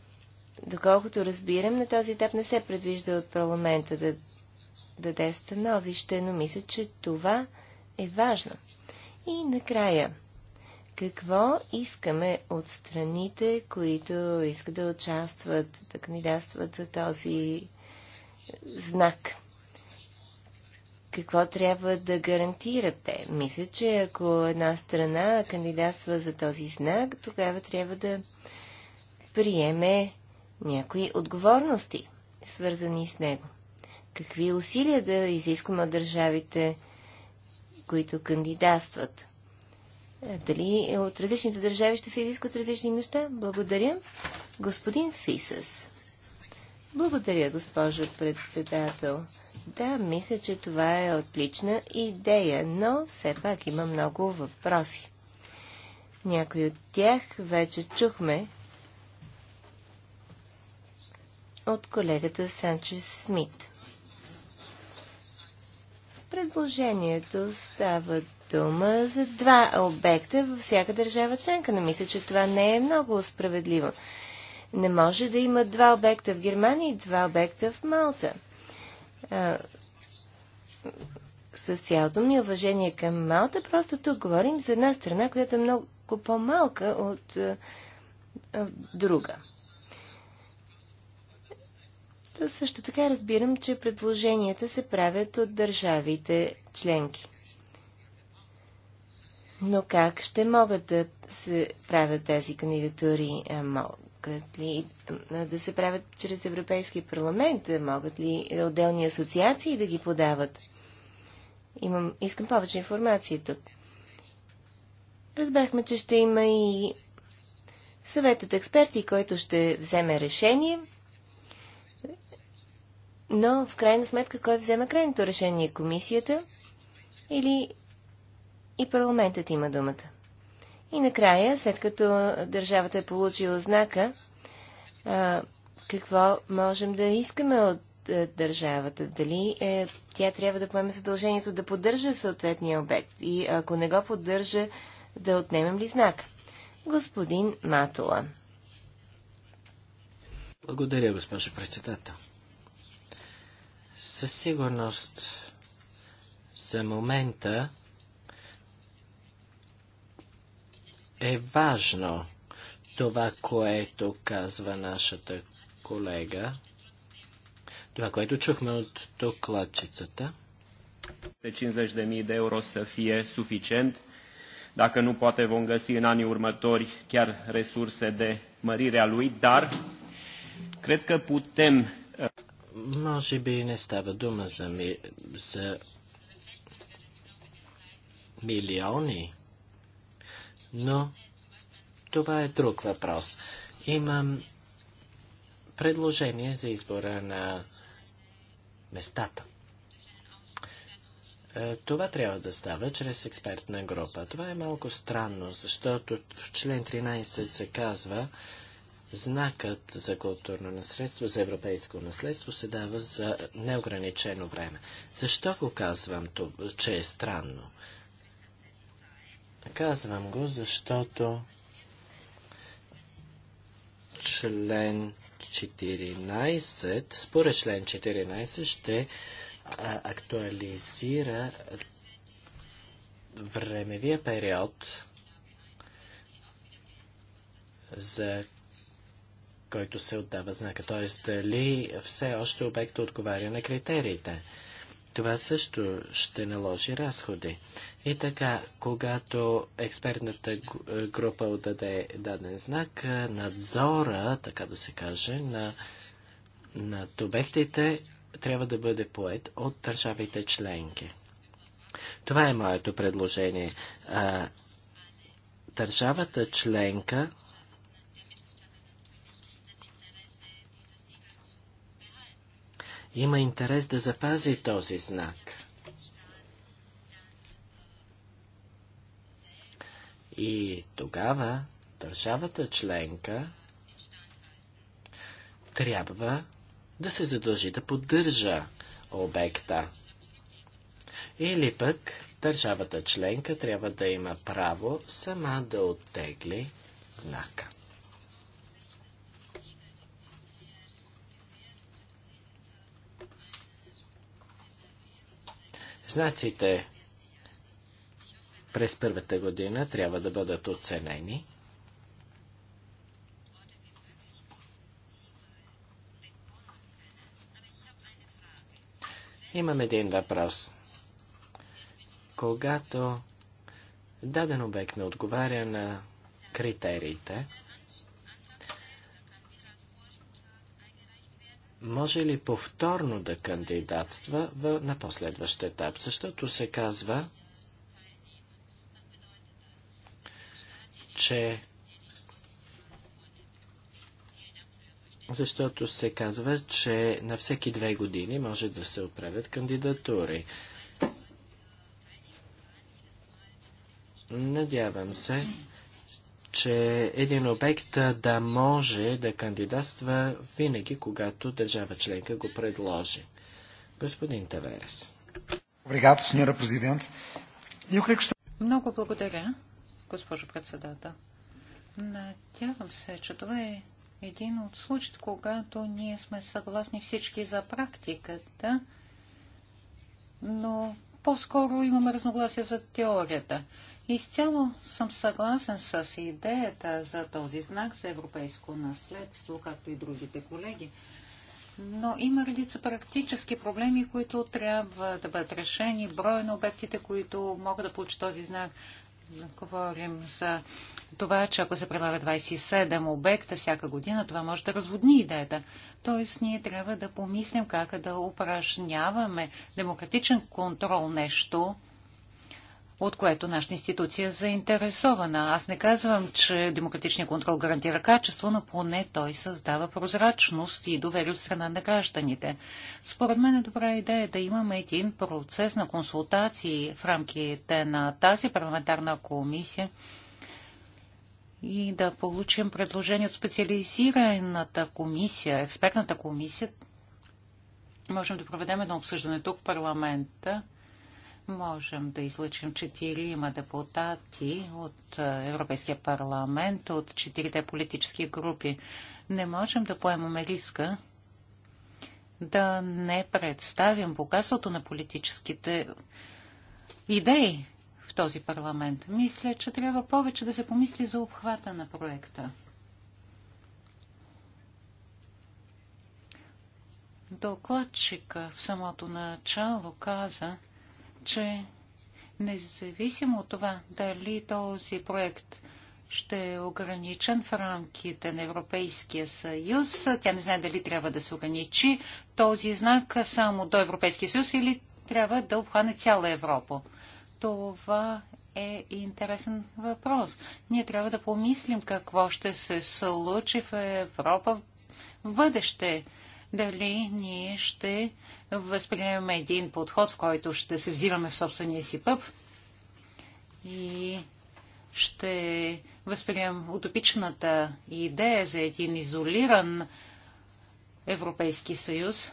доколкото разбирам, на този етап не се предвижда от парламента да, да даде становище, но мисля, че това е важно. И накрая, какво искаме от страните, които искат да участват, да кандидатстват за този знак? Какво трябва да гарантирате? Мисля, че ако една страна кандидатства за този знак, тогава трябва да приеме някои отговорности, свързани с него. Какви усилия да изискваме от държавите, които кандидатстват? Е, дали от различните държави ще се изискват различни неща? Благодаря. Господин Фисъс. Благодаря, госпожо председател. Да, мисля, че това е отлична идея, но все пак има много въпроси. Някои от тях вече чухме от колегата Санчес Смит. Предложението става дума за два обекта във всяка държава членка, но мисля, че това не е много справедливо. Не може да има два обекта в Германия и два обекта в Малта. с цялото ми уважение към Малта, просто тук говорим за една страна, която е много по-малка от друга. Също така разбирам, че предложенията се правят от държавите членки. Но как ще могат да се правят тези кандидатури? Могат ли да се правят чрез Европейски парламент? Могат ли отделни асоциации да ги подават? Имам, искам повече информация тук. Разбрахме, че ще има и съвет от експерти, който ще вземе решение – но в крайна сметка кой взема крайното решение? Комисията или и парламентът има думата? И накрая, след като държавата е получила знака, какво можем да искаме от държавата? Дали е, тя трябва да поеме задължението да поддържа съответния обект? И ако не го поддържа, да отнемем ли знак? Господин Матола. Благодаря, госпожо председател. Със сигурност за момента е важно това, което казва нашата колега, това, което чухме от докладчицата. 50.000 de euro să fie suficient. Dacă nu poate vom găsi în anii următori chiar resurse de mărire a lui, dar cred că putem може би не става дума за, ми, за милиони, но това е друг въпрос. Имам предложение за избора на местата. Е, това трябва да става чрез експертна група. Това е малко странно, защото в член 13 се казва, Знакът за културно наследство, за европейско наследство се дава за неограничено време. Защо го казвам, че е странно? Казвам го, защото член 14, според член 14 ще актуализира времевия период за който се отдава знака, т.е. дали все още обекта отговаря на критериите. Това също ще наложи разходи. И така, когато експертната е, група отдаде даден знак, е, надзора, така да се каже, на, над обектите трябва да бъде поет от държавите членки. Това е моето предложение. А, държавата членка има интерес да запази този знак. И тогава държавата членка трябва да се задължи да поддържа обекта. Или пък държавата членка трябва да има право сама да оттегли знака. Знаците през първата година трябва да бъдат оценени. Имам един въпрос. Когато даден обект не отговаря на критериите, може ли повторно да кандидатства в, на последващ етап, защото се казва, че защото се казва, че на всеки две години може да се оправят кандидатури. Надявам се, че един обект да може да кандидатства винаги, когато държава членка го предложи. Господин Таверес. Обригато, сеньора президент. Много благодаря, госпожо председател. Надявам се, че това е един от случаите, когато ние сме съгласни всички за практиката, но по-скоро имаме разногласия за теорията. Изцяло съм съгласен с идеята за този знак за европейско наследство, както и другите колеги. Но има редица практически проблеми, които трябва да бъдат решени. Броя на обектите, които могат да получат този знак, говорим за това, че ако се предлага 27 обекта всяка година, това може да разводни идеята. Тоест, ние трябва да помислим как да упражняваме демократичен контрол нещо, от което нашата институция е заинтересована. Аз не казвам, че демократичният контрол гарантира качество, но поне той създава прозрачност и доверие от страна на гражданите. Според мен е добра идея да имаме един процес на консултации в рамките на тази парламентарна комисия и да получим предложение от специализираната комисия, експертната комисия. Можем да проведем едно обсъждане тук в парламента можем да излъчим четирима депутати от е, Европейския парламент, от четирите политически групи. Не можем да поемаме риска да не представим богатството на политическите идеи в този парламент. Мисля, че трябва повече да се помисли за обхвата на проекта. Докладчика в самото начало каза, че независимо от това дали този проект ще е ограничен в рамките на Европейския съюз, тя не знае дали трябва да се ограничи този знак само до Европейския съюз или трябва да обхване цяла Европа. Това е интересен въпрос. Ние трябва да помислим какво ще се случи в Европа в бъдеще дали ние ще възприемем един подход, в който ще се взимаме в собствения си пъп и ще възприем утопичната идея за един изолиран Европейски съюз.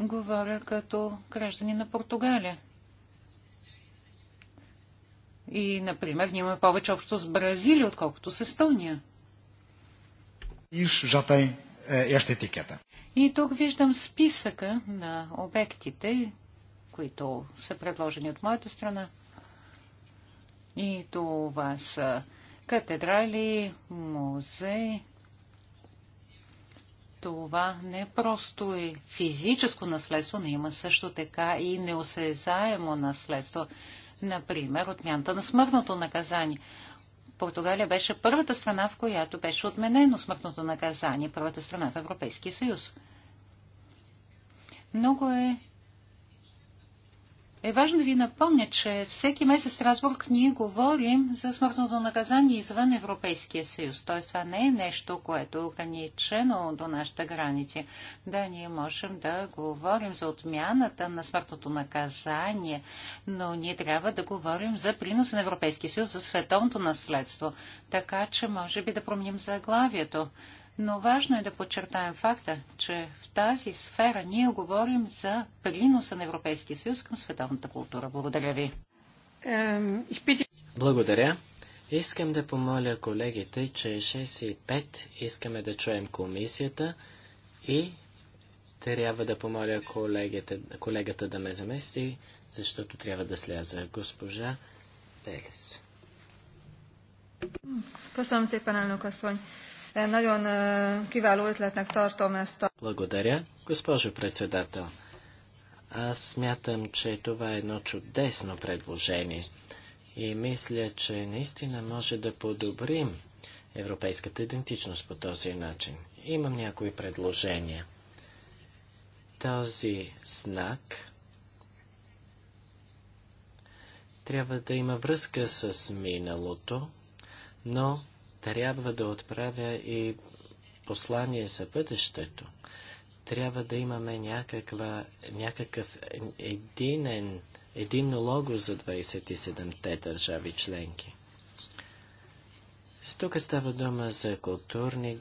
Говоря като граждани на Португалия. И, например, ние имаме повече общо с Бразилия, отколкото с Естония. Е, и тук виждам списъка на обектите, които са предложени от моята страна. И това са катедрали, музеи. Това не просто е физическо наследство, но има също така и неосезаемо наследство. Например, отмяната на смъртното наказание – Португалия беше първата страна, в която беше отменено смъртното наказание, първата страна в Европейския съюз. Много е е важно да ви напомня, че всеки месец в Страсбург ние говорим за смъртното наказание извън Европейския съюз. Т.е. това не е нещо, което е ограничено до нашите граници. Да, ние можем да говорим за отмяната на смъртното наказание, но ние трябва да говорим за принос на Европейския съюз за световното наследство. Така че може би да променим заглавието но важно е да подчертаем факта, че в тази сфера ние говорим за приноса на Европейския съюз към световната култура. Благодаря ви. Благодаря. Искам да помоля колегите, че 6 и 5 искаме да чуем комисията и трябва да помоля колегите, колегата да ме замести, защото трябва да сляза госпожа Белес. Благодаря, Nagyon kiváló ötletnek tartom ezt a... Благодаря, госпожо председател. Аз смятам, че това е едно чудесно предложение и мисля, че наистина може да подобрим европейската идентичност по този начин. Имам някои предложения. Този знак трябва да има връзка с миналото, но трябва да отправя и послание за бъдещето. Трябва да имаме някаква, някакъв единен, един лого за 27-те държави членки. Тук става дума за културни,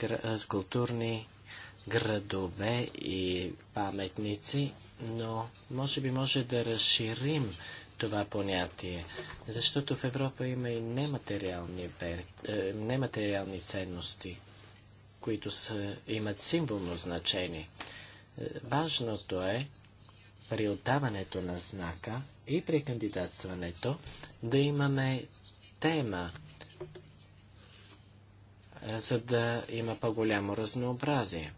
културни градове и паметници, но може би може да разширим това понятие. Защото в Европа има и нематериални, бер... Е, нематериални ценности, които са, имат символно значение. Е, важното е при отдаването на знака и при кандидатстването да имаме тема, е, за да има по-голямо разнообразие.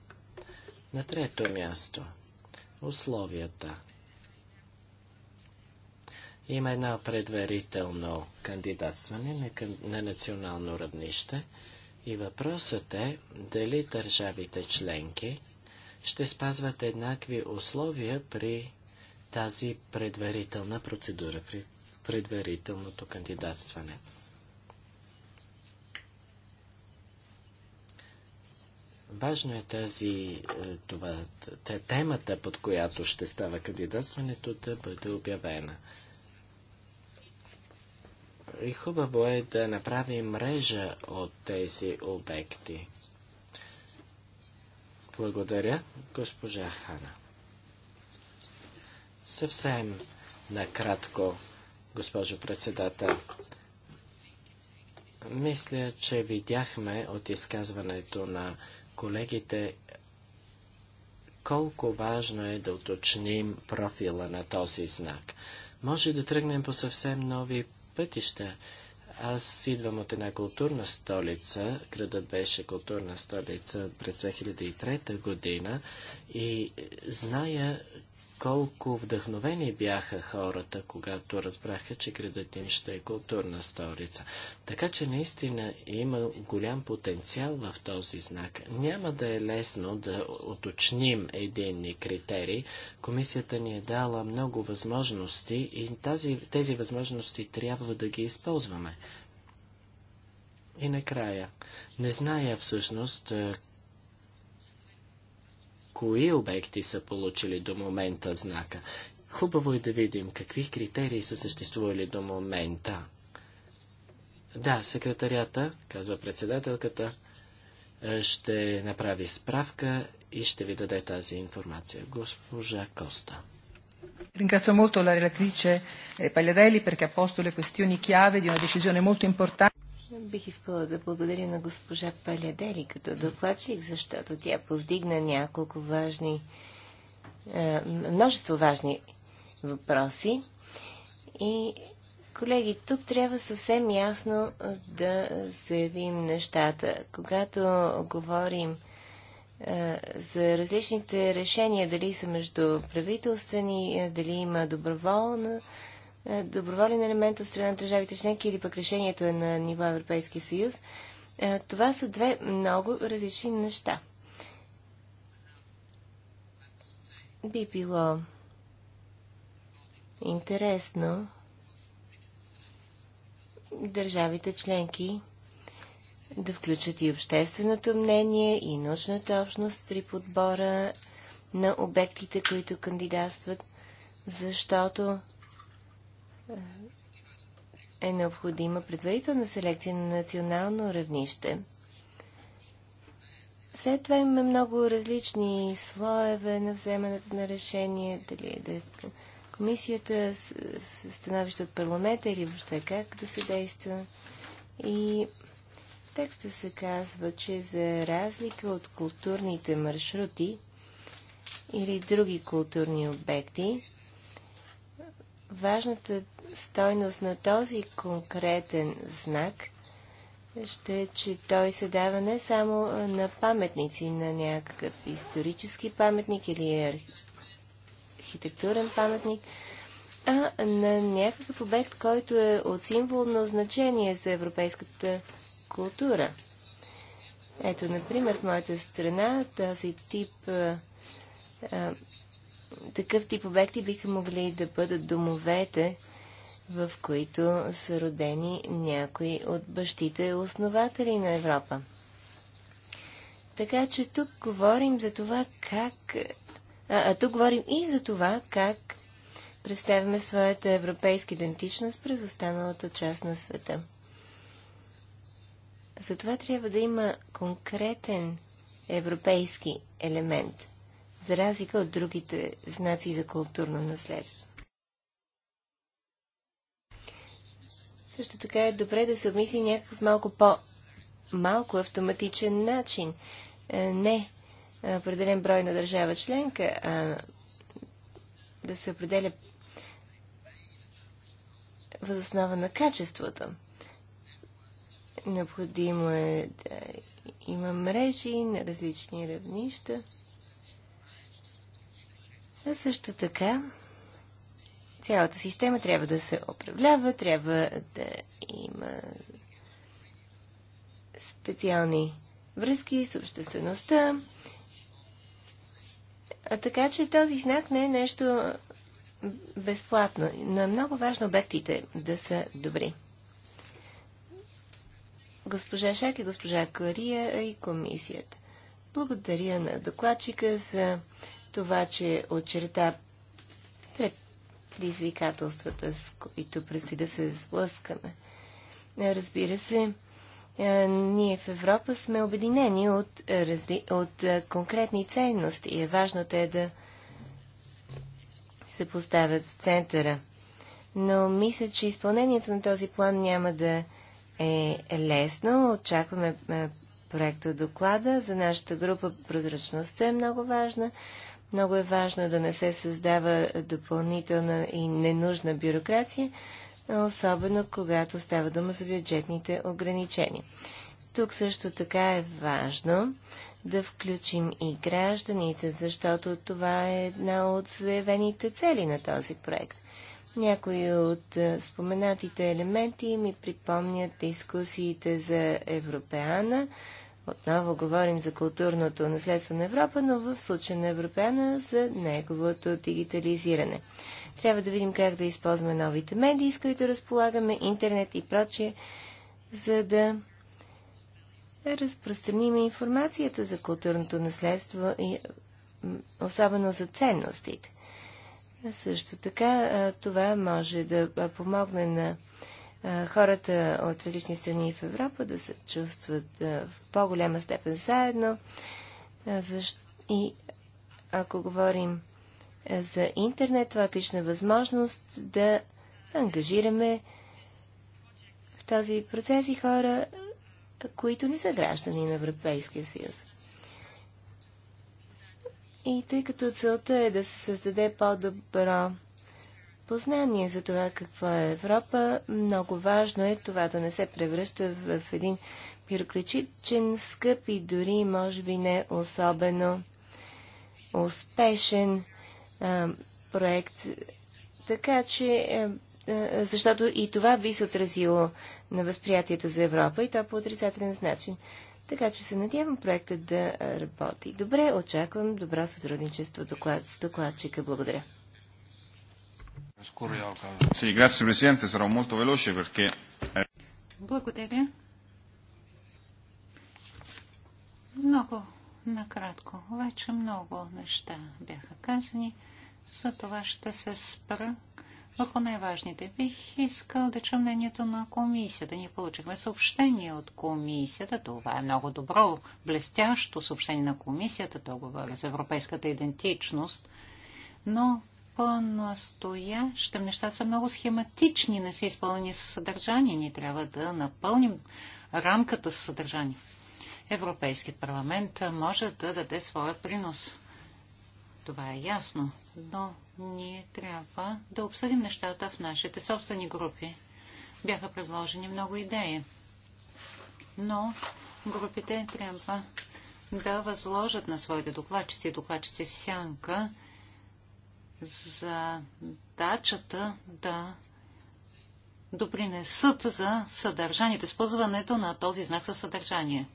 На трето място – условията – има една предварително кандидатстване на, на национално равнище и въпросът е дали държавите членки ще спазват еднакви условия при тази предварителна процедура, при предварителното кандидатстване. Важно е тази, е, това, темата, под която ще става кандидатстването, да бъде обявена. И хубаво е да направим мрежа от тези обекти. Благодаря, госпожа Хана. Съвсем накратко, госпожо председател. Мисля, че видяхме от изказването на колегите колко важно е да уточним профила на този знак. Може да тръгнем по съвсем нови пътища. Аз идвам от една културна столица. Града беше културна столица през 2003 година и зная колко вдъхновени бяха хората, когато разбраха, че градът им ще е културна столица. Така че наистина има голям потенциал в този знак. Няма да е лесно да уточним единни критерии. Комисията ни е дала много възможности и тази, тези възможности трябва да ги използваме. И накрая, не зная всъщност кои обекти са получили до момента знака. Хубаво е да видим какви критерии са съществували до момента. Да, секретарята, казва председателката, е, ще направи справка и ще ви даде тази информация. Госпожа Коста. Ringrazio molto la relatrice eh, Pagliadelli perché ha posto le questioni chiave di una decisione molto importante бих искала да благодаря на госпожа Палядели като докладчик, защото тя повдигна няколко важни, е, множество важни въпроси. И, колеги, тук трябва съвсем ясно е, да заявим нещата. Когато говорим е, за различните решения, дали са между правителствени, дали има доброволна е, доброволен елемент от страна на държавите членки или пък решението е на ниво Европейски съюз. Е, това са две много различни неща. Би било интересно държавите членки да включат и общественото мнение, и научната общност при подбора на обектите, които кандидатстват, защото е необходима предварителна селекция на национално равнище. След това имаме много различни слоеве на вземането на решение, дали е да е комисията, становище от парламента или въобще как да се действа. И в текста се казва, че за разлика от културните маршрути или други културни обекти, важната стойност на този конкретен знак ще е, че той се дава не само на паметници, на някакъв исторически паметник или архитектурен паметник, а на някакъв обект, който е от символно значение за европейската култура. Ето, например, в моята страна този тип а, а, такъв тип обекти биха могли да бъдат домовете в които са родени някои от бащите основатели на Европа. Така че тук говорим за това как. А, а тук говорим и за това как представяме своята европейска идентичност през останалата част на света. Затова трябва да има конкретен европейски елемент, за разлика от другите знаци за културно наследство. Също така е добре да се обмисли някакъв малко по-малко автоматичен начин. Е, не е, определен брой на държава членка, а да се определя възоснова на качеството. Необходимо е да има мрежи на различни равнища. А също така Цялата система трябва да се управлява, трябва да има специални връзки с обществеността. А така че този знак не е нещо безплатно, но е много важно обектите да са добри. Госпожа Шак и госпожа Кария и комисията. Благодаря на докладчика за това, че очерта предизвикателствата, с които предстои да се сблъскаме. Е, разбира се, е, ние в Европа сме обединени от, разли... от е, конкретни ценности и е важно те да се поставят в центъра. Но мисля, че изпълнението на този план няма да е лесно. Очакваме проекта доклада. За нашата група прозрачността е много важна. Много е важно да не се създава допълнителна и ненужна бюрокрация, особено когато става дума за бюджетните ограничения. Тук също така е важно да включим и гражданите, защото това е една от заявените цели на този проект. Някои от е, споменатите елементи ми припомнят дискусиите за Европеана, отново говорим за културното наследство на Европа, но в случая на Европеана за неговото дигитализиране. Трябва да видим как да използваме новите медии, с които разполагаме, интернет и прочие, за да разпространим информацията за културното наследство и особено за ценностите. Също така това може да помогне на хората от различни страни в Европа да се чувстват в по-голяма степен заедно. И ако говорим за интернет, това е отлична възможност да ангажираме в този процес и хора, които не са граждани на Европейския съюз. И тъй като целта е да се създаде по-добро познание за това какво е Европа. Много важно е това да не се превръща в един бюрократичен, скъп и дори, може би, не особено успешен а, проект. Така че, а, защото и това би се отразило на възприятията за Европа и то по отрицателен начин. Така че се надявам проектът да работи. Добре, очаквам добро сътрудничество доклад, с докладчика. Благодаря. Sì, grazie Presidente, sarò molto veloce perché... Eh, Благодаря. Много накратко. Вече много неща бяха казани. За това ще се спра върху най-важните. Бих искал да чу мнението на комисията. Ние получихме съобщение от комисията. Това е много добро, блестящо съобщение на комисията. То говори за европейската идентичност. Но по-настоящем нещата са много схематични, не са изпълнени с съдържание. Ние трябва да напълним рамката с съдържание. Европейският парламент може да даде своя принос. Това е ясно, но ние трябва да обсъдим нещата в нашите собствени групи. Бяха предложени много идеи, но групите трябва да възложат на своите докладчици и докладчици в сянка задачата да допринесат за съдържанието, използването на този знак за съдържание.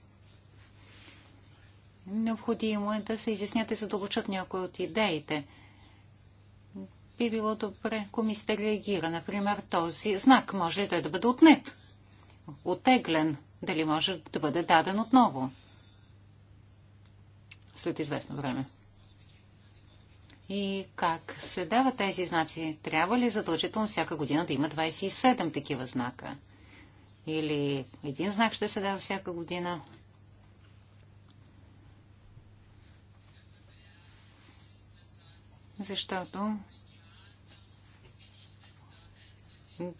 Необходимо е да се изяснят и задълбочат някои от идеите. Би било добре комисията реагира. Например, този знак може ли той да бъде отнет, отеглен, дали може да бъде даден отново след известно време и как се дават тези знаци? Трябва ли задължително всяка година да има 27 такива знака? Или един знак ще се дава всяка година? Защото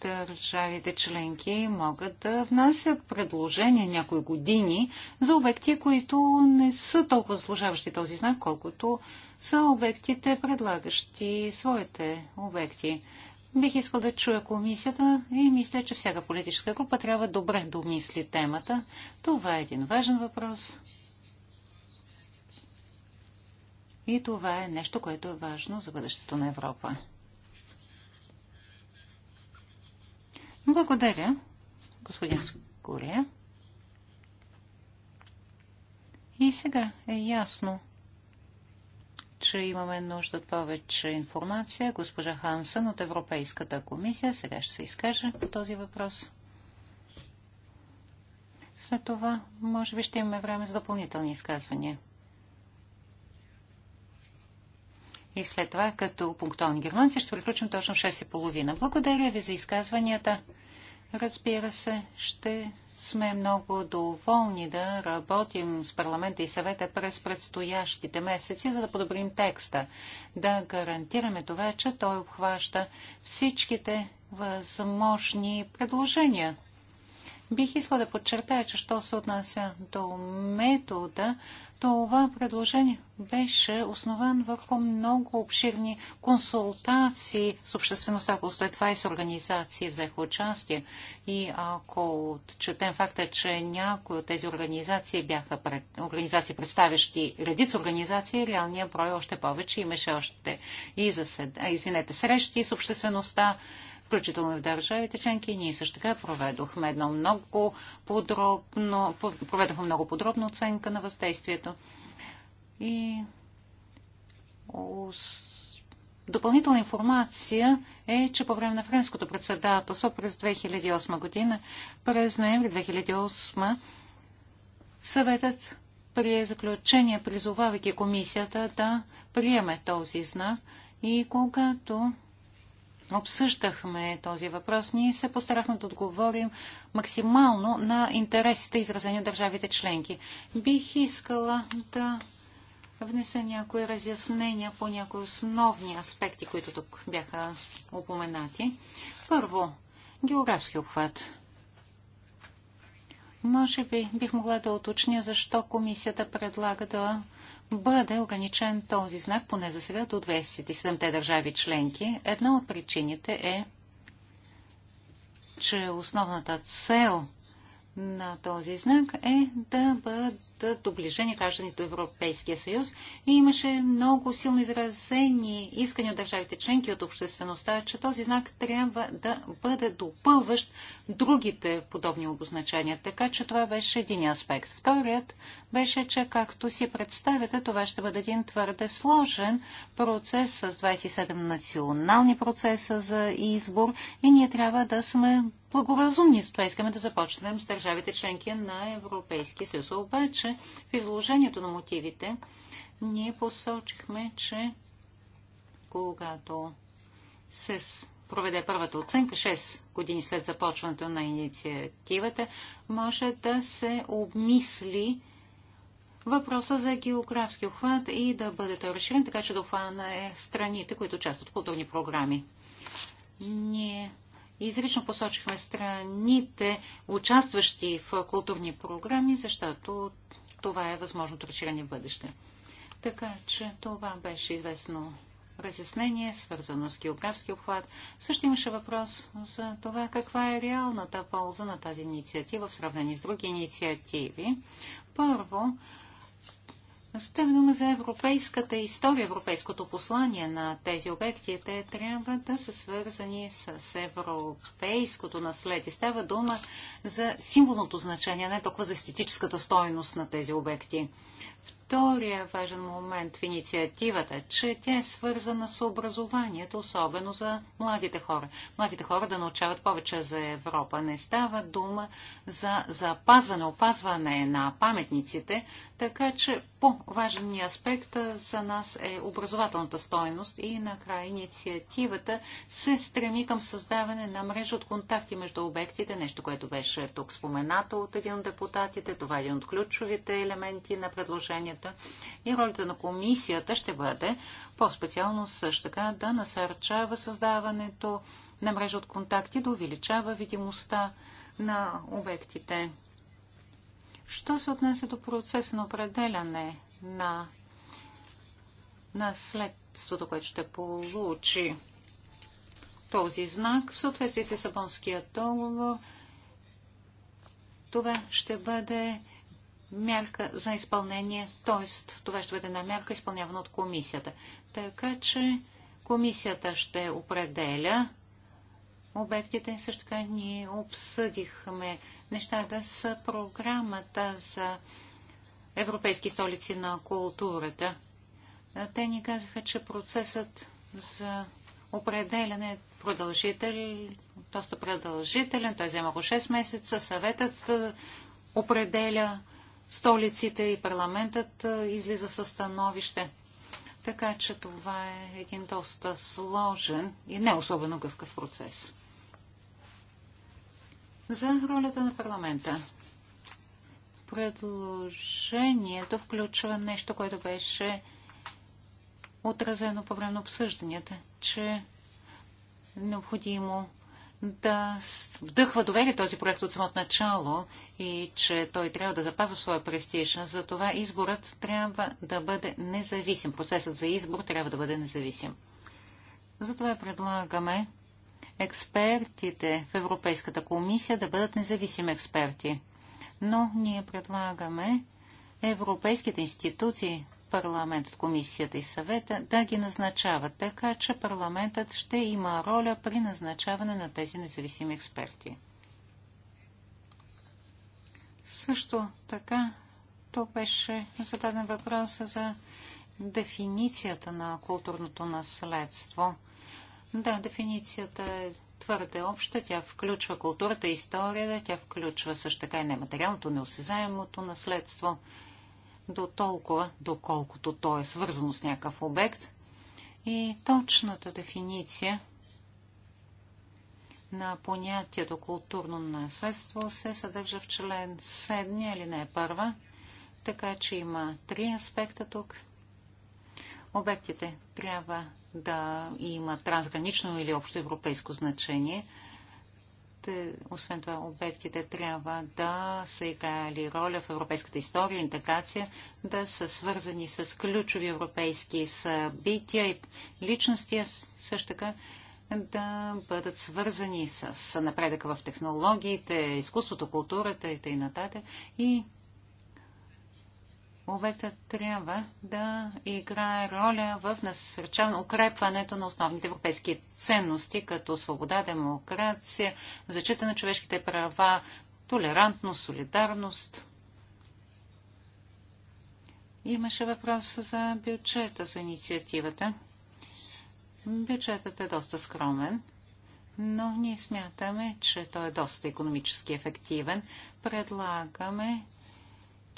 държавите членки могат да внасят предложения някои години за обекти, които не са толкова заслужаващи този знак, колкото са обектите, предлагащи своите обекти. Бих искал да чуя комисията и мисля, че всяка политическа група трябва добре да обмисли темата. Това е един важен въпрос. И това е нещо, което е важно за бъдещето на Европа. Благодаря, господин Скория. И сега е ясно, че имаме нужда от повече информация. Госпожа Хансън от Европейската комисия сега ще се изкаже по този въпрос. След това, може би, ще имаме време за допълнителни изказвания. И след това, като пунктуални германци, ще приключим точно в 6.30. Благодаря ви за изказванията. Разбира се, ще сме много доволни да работим с парламента и съвета през предстоящите месеци, за да подобрим текста, да гарантираме това, че той обхваща всичките възможни предложения. Бих искала да подчертая, че що се отнася до метода, това предложение беше основан върху много обширни консултации с обществеността. Около 120 организации взеха участие и ако отчетем факта, че някои от тези организации бяха пред, организации, представящи редица организации, реалния брой още повече имаше още и засед... извинете, срещи с обществеността включително в държавите членки. Ние също така проведохме едно много подробно, проведохме много подробна оценка на въздействието. И Допълнителна информация е, че по време на френското председателство през 2008 година, през ноември 2008, съветът прие заключение, призовавайки комисията да приеме този знак и когато обсъждахме този въпрос, ние се постарахме да отговорим максимално на интересите, изразени от държавите членки. Бих искала да внеса някои разяснения по някои основни аспекти, които тук бяха упоменати. Първо, географски обхват. Може би бих могла да уточня защо комисията предлага да бъде ограничен този знак поне за сега до 27-те държави членки. Една от причините е, че основната цел на този знак е да бъдат доближени гражданите до Европейския съюз. И имаше много силно изразени искани от държавите членки от обществеността, че този знак трябва да бъде допълващ другите подобни обозначения. Така че това беше един аспект. Вторият беше, че както си представяте, това ще бъде един твърде сложен процес с 27 национални процеса за избор и ние трябва да сме благоразумни. С това искаме да започнем с държавите членки на Европейския съюз. Обаче в изложението на мотивите ние посочихме, че когато се проведе първата оценка 6 години след започването на инициативата, може да се обмисли въпроса за географски обхват и да бъде той разширен, така че да обхване страните, които участват в културни програми. Ние изрично посочихме страните, участващи в културни програми, защото това е възможното разширение в бъдеще. Така че това беше известно разяснение, свързано с географски обхват. Също имаше въпрос за това каква е реалната полза на тази инициатива в сравнение с други инициативи. Първо, Става дума за европейската история, европейското послание на тези обекти. Те трябва да са свързани с европейското наследие. Става дума за символното значение, не толкова за естетическата стойност на тези обекти втория важен момент в инициативата, е, че тя е свързана с образованието, особено за младите хора. Младите хора да научават повече за Европа. Не става дума за запазване, опазване на паметниците, така че по-важният аспект за нас е образователната стойност и накрая инициативата се стреми към създаване на мрежа от контакти между обектите, нещо, което беше тук споменато от един от депутатите. Това е един от ключовите елементи на предложението парламента И ролята на комисията ще бъде по-специално също така да насърчава създаването на мрежа от контакти, да увеличава видимостта на обектите. Що се отнесе до процеса на определяне на наследството, което ще получи този знак в съответствие с Лисабонския договор, това ще бъде мярка за изпълнение, т.е. това ще бъде една мярка изпълнявана от комисията. Така че комисията ще определя обектите. и Също така ние обсъдихме нещата с програмата за европейски столици на културата. Те ни казаха, че процесът за определяне е продължител, доста продължителен. Той взема около 6 месеца. Съветът е, определя столиците и парламентът излиза със становище. Така че това е един доста сложен и не особено гъвкав процес. За ролята на парламента. Предложението включва нещо, което беше отразено по време на обсъжданията, че е необходимо да вдъхва доверие този проект от самото начало и че той трябва да запазва своя престиж. Затова изборът трябва да бъде независим. Процесът за избор трябва да бъде независим. Затова предлагаме експертите в Европейската комисия да бъдат независими експерти. Но ние предлагаме европейските институции парламент, комисията и съвета да ги назначават, така че парламентът ще има роля при назначаване на тези независими експерти. Също така, то беше зададен въпрос за дефиницията на културното наследство. Да, дефиницията е твърде обща. Тя включва културата и историята, тя включва също така и нематериалното, неосезаемото наследство – до толкова, доколкото то е свързано с някакъв обект. И точната дефиниция на понятието културно наследство се съдържа в член 7, или не е първа, така че има три аспекта тук. Обектите трябва да имат трансгранично или общоевропейско значение – те, освен това, обектите трябва да са играли роля в европейската история, интеграция, да са свързани с ключови европейски събития и личности, също така да бъдат свързани с напредъка в технологиите, изкуството, културата и т.н. И обектът трябва да играе роля в насърчаване укрепването на основните европейски ценности, като свобода, демокрация, зачита на човешките права, толерантност, солидарност. Имаше въпрос за бюджета за инициативата. Бюджетът е доста скромен, но ние смятаме, че той е доста економически ефективен. Предлагаме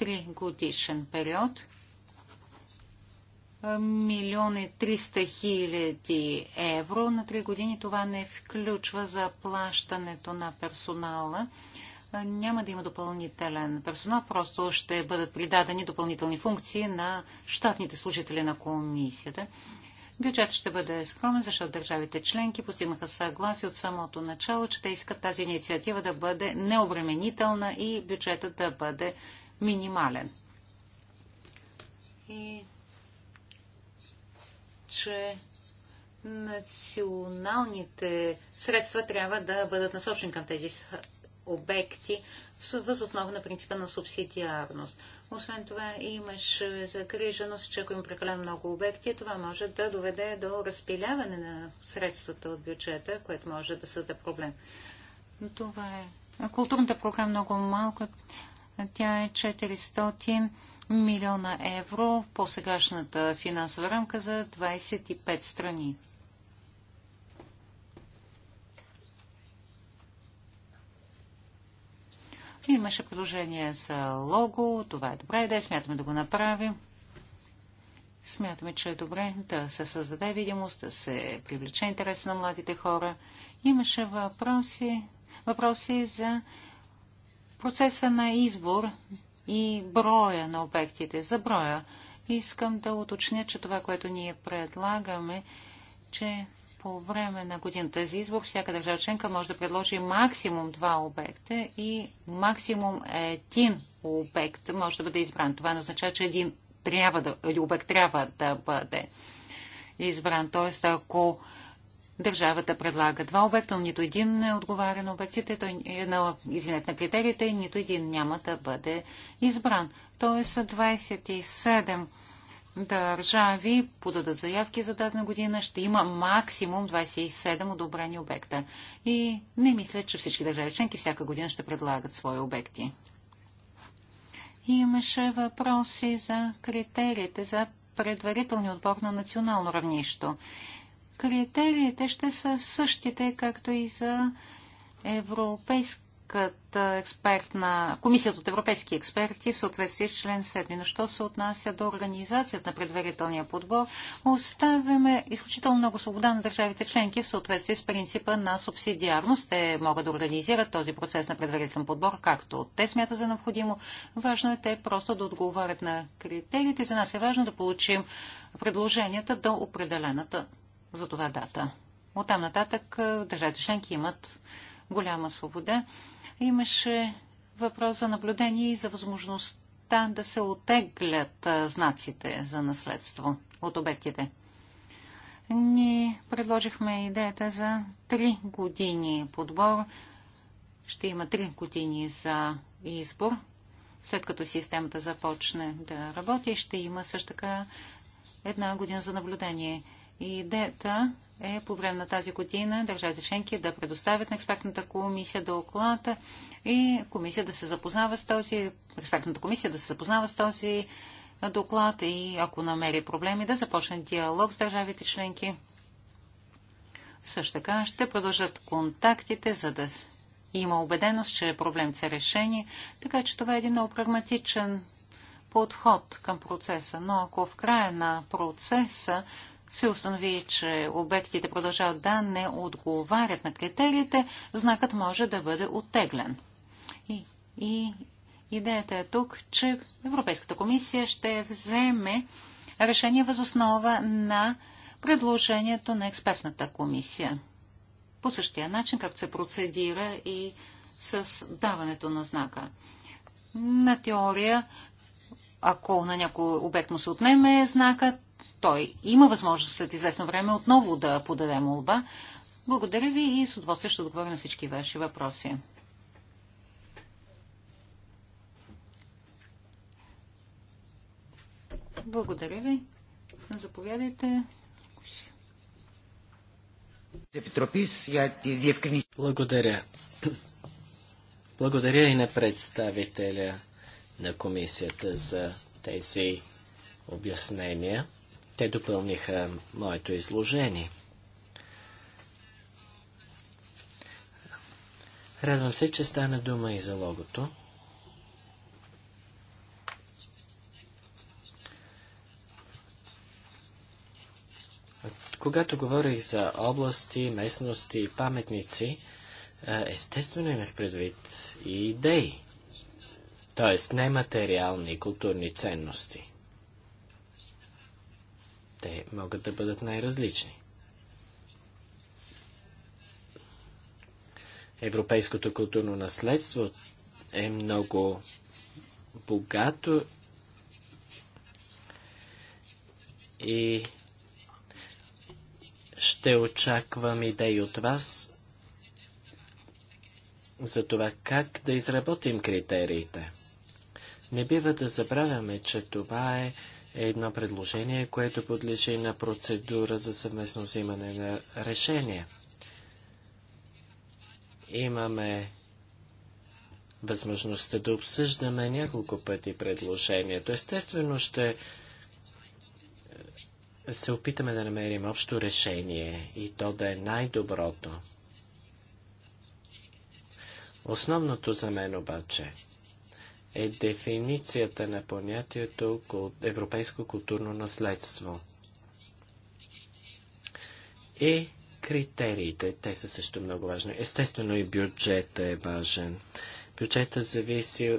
3 годишен период. Е, милион и 300 хиляди евро на 3 години. Това не включва заплащането на персонала. Е, няма да има допълнителен персонал, просто ще бъдат придадени допълнителни функции на щатните служители на комисията. Бюджет ще бъде скромен, защото държавите членки постигнаха съгласие от самото начало, че те искат тази инициатива да бъде необременителна и бюджетът да бъде минимален. И че националните средства трябва да бъдат насочени към тези обекти въз основа на принципа на субсидиарност. Освен това имаш загриженост, че ако има прекалено много обекти, това може да доведе до разпиляване на средствата от бюджета, което може да създаде проблем. Това е. Културната програма е много малко тя е 400 милиона евро по сегашната финансова рамка за 25 страни. Имаше предложение за лого. Това е добра идея. Смятаме да го направим. Смятаме, че е добре да се създаде видимост, да се привлече интерес на младите хора. Имаше въпроси, въпроси за процеса на избор и броя на обектите. За броя искам да уточня, че това, което ние предлагаме, че по време на годината за избор всяка държава членка може да предложи максимум два обекта и максимум един обект може да бъде избран. Това не означава, че един трябва да, обект трябва да бъде избран. Тоест, ако държавата предлага два обекта, но нито един не отговаря на обектите, той, е, на, извинете, на критериите и нито един няма да бъде избран. Тоест 27 държави подадат заявки за дадена година, ще има максимум 27 одобрени обекта. И не мисля, че всички държави членки всяка година ще предлагат свои обекти. Имаше въпроси за критериите за предварителни отбор на национално равнище критериите ще са същите, както и за Европейската експертна, комисията от европейски експерти в съответствие с член 7. Но що се отнася до организацията на предварителния подбор, оставяме изключително много свобода на държавите членки в съответствие с принципа на субсидиарност. Те могат да организират този процес на предварителен подбор, както те смятат за необходимо. Важно е те просто да отговарят на критериите. За нас е важно да получим предложенията до определената за това дата. От там нататък е, държавите членки имат голяма свобода. Имаше въпрос за наблюдение и за възможността да се отеглят е, знаците за наследство от обектите. Ние предложихме идеята за 3 години подбор. Ще има 3 години за избор. След като системата започне да работи, ще има също така една година за наблюдение. Идеята е по време на тази година държавите членки да предоставят на експертната комисия доклад и комисия да се запознава с този, експертната комисия да се запознава с този доклад и ако намери проблеми да започне диалог с държавите членки. Също така ще продължат контактите, за да има убеденост, че проблемите са решени, така че това е един много прагматичен подход към процеса. Но ако в края на процеса се установи, че обектите продължават да не отговарят на критериите, знакът може да бъде оттеглен. И, и идеята е тук, че Европейската комисия ще вземе решение възоснова на предложението на експертната комисия. По същия начин, както се процедира и с даването на знака. На теория, ако на някой обект му се отнеме знакът, той има възможност след известно време отново да подаде молба. Благодаря ви и с удоволствие ще отговоря на всички ваши въпроси. Благодаря ви. Заповядайте. Благодаря. Благодаря и на представителя на комисията за тези обяснения. Те допълниха моето изложение. Радвам се, че стана дума и за логото. Когато говорих за области, местности и паметници, естествено имах предвид и идеи, т.е. нематериални културни ценности те могат да бъдат най-различни. Европейското културно наследство е много богато и ще очаквам идеи от вас за това как да изработим критериите. Не бива да забравяме, че това е е едно предложение, което подлежи на процедура за съвместно взимане на решение. Имаме възможността да обсъждаме няколко пъти предложението. Естествено ще се опитаме да намерим общо решение и то да е най-доброто. Основното за мен обаче – е дефиницията на понятието европейско културно наследство. И критериите, те са също много важни. Естествено и бюджета е важен. Бюджета зависи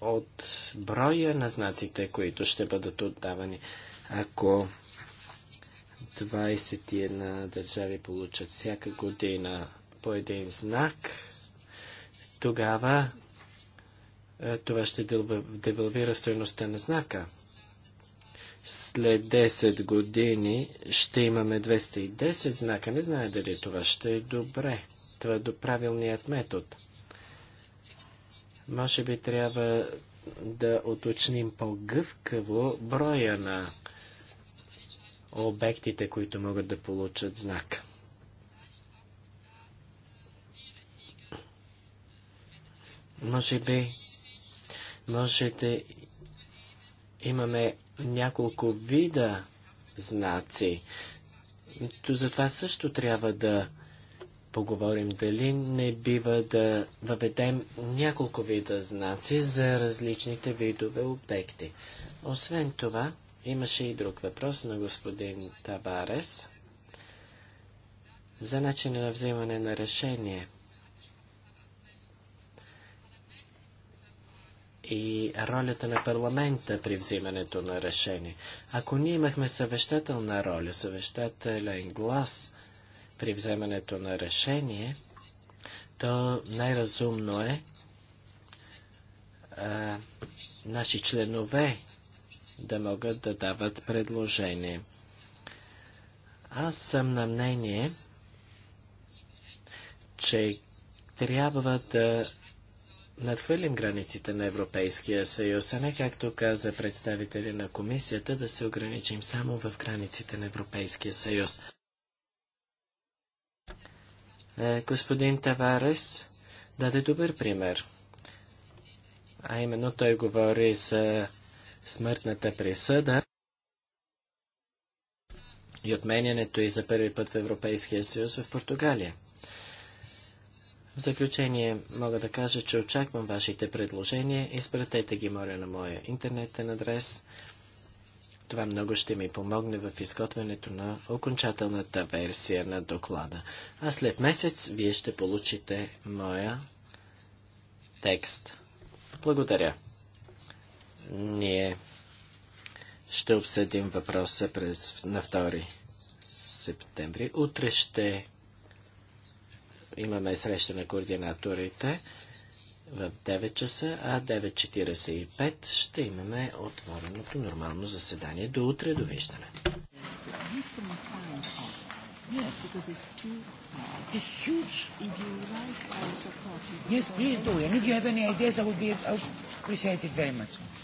от броя на знаците, които ще бъдат отдавани. Ако 21 държави получат всяка година по един знак, тогава е, това ще девалвира стоеността на знака. След 10 години ще имаме 210 знака. Не знае дали това ще е добре. Това е до правилният метод. Може би трябва да оточним по-гъвкаво броя на обектите, които могат да получат знак. Може би Можете имаме няколко вида знаци. То затова също трябва да поговорим дали не бива да въведем няколко вида знаци за различните видове обекти. Освен това, имаше и друг въпрос на господин Таварес за начина на взимане на решение – и ролята на парламента при взимането на решение. Ако ние имахме съвещателна роля, съвещателен глас при вземането на решение, то най-разумно е а, наши членове да могат да дават предложение. Аз съм на мнение, че трябва да надхвърлим границите на Европейския съюз, а не както каза представители на комисията да се ограничим само в границите на Европейския съюз. Е, господин Таварес даде добър пример. А именно той говори за смъртната присъда и отменянето и за първи път в Европейския съюз в Португалия. В заключение мога да кажа, че очаквам вашите предложения. Изпратете ги, моля, на моя интернетен адрес. Това много ще ми помогне в изготвянето на окончателната версия на доклада. А след месец вие ще получите моя текст. Благодаря. Ние ще обсъдим въпроса през, на 2 септември. Утре ще имаме среща на координаторите в 9 часа, а 9.45 ще имаме отвореното нормално заседание. До утре, довиждане. Yes, because it's too, it's huge. If you like, I support you. Yes, please do. And if you have any ideas, I would be, I would appreciate it very much.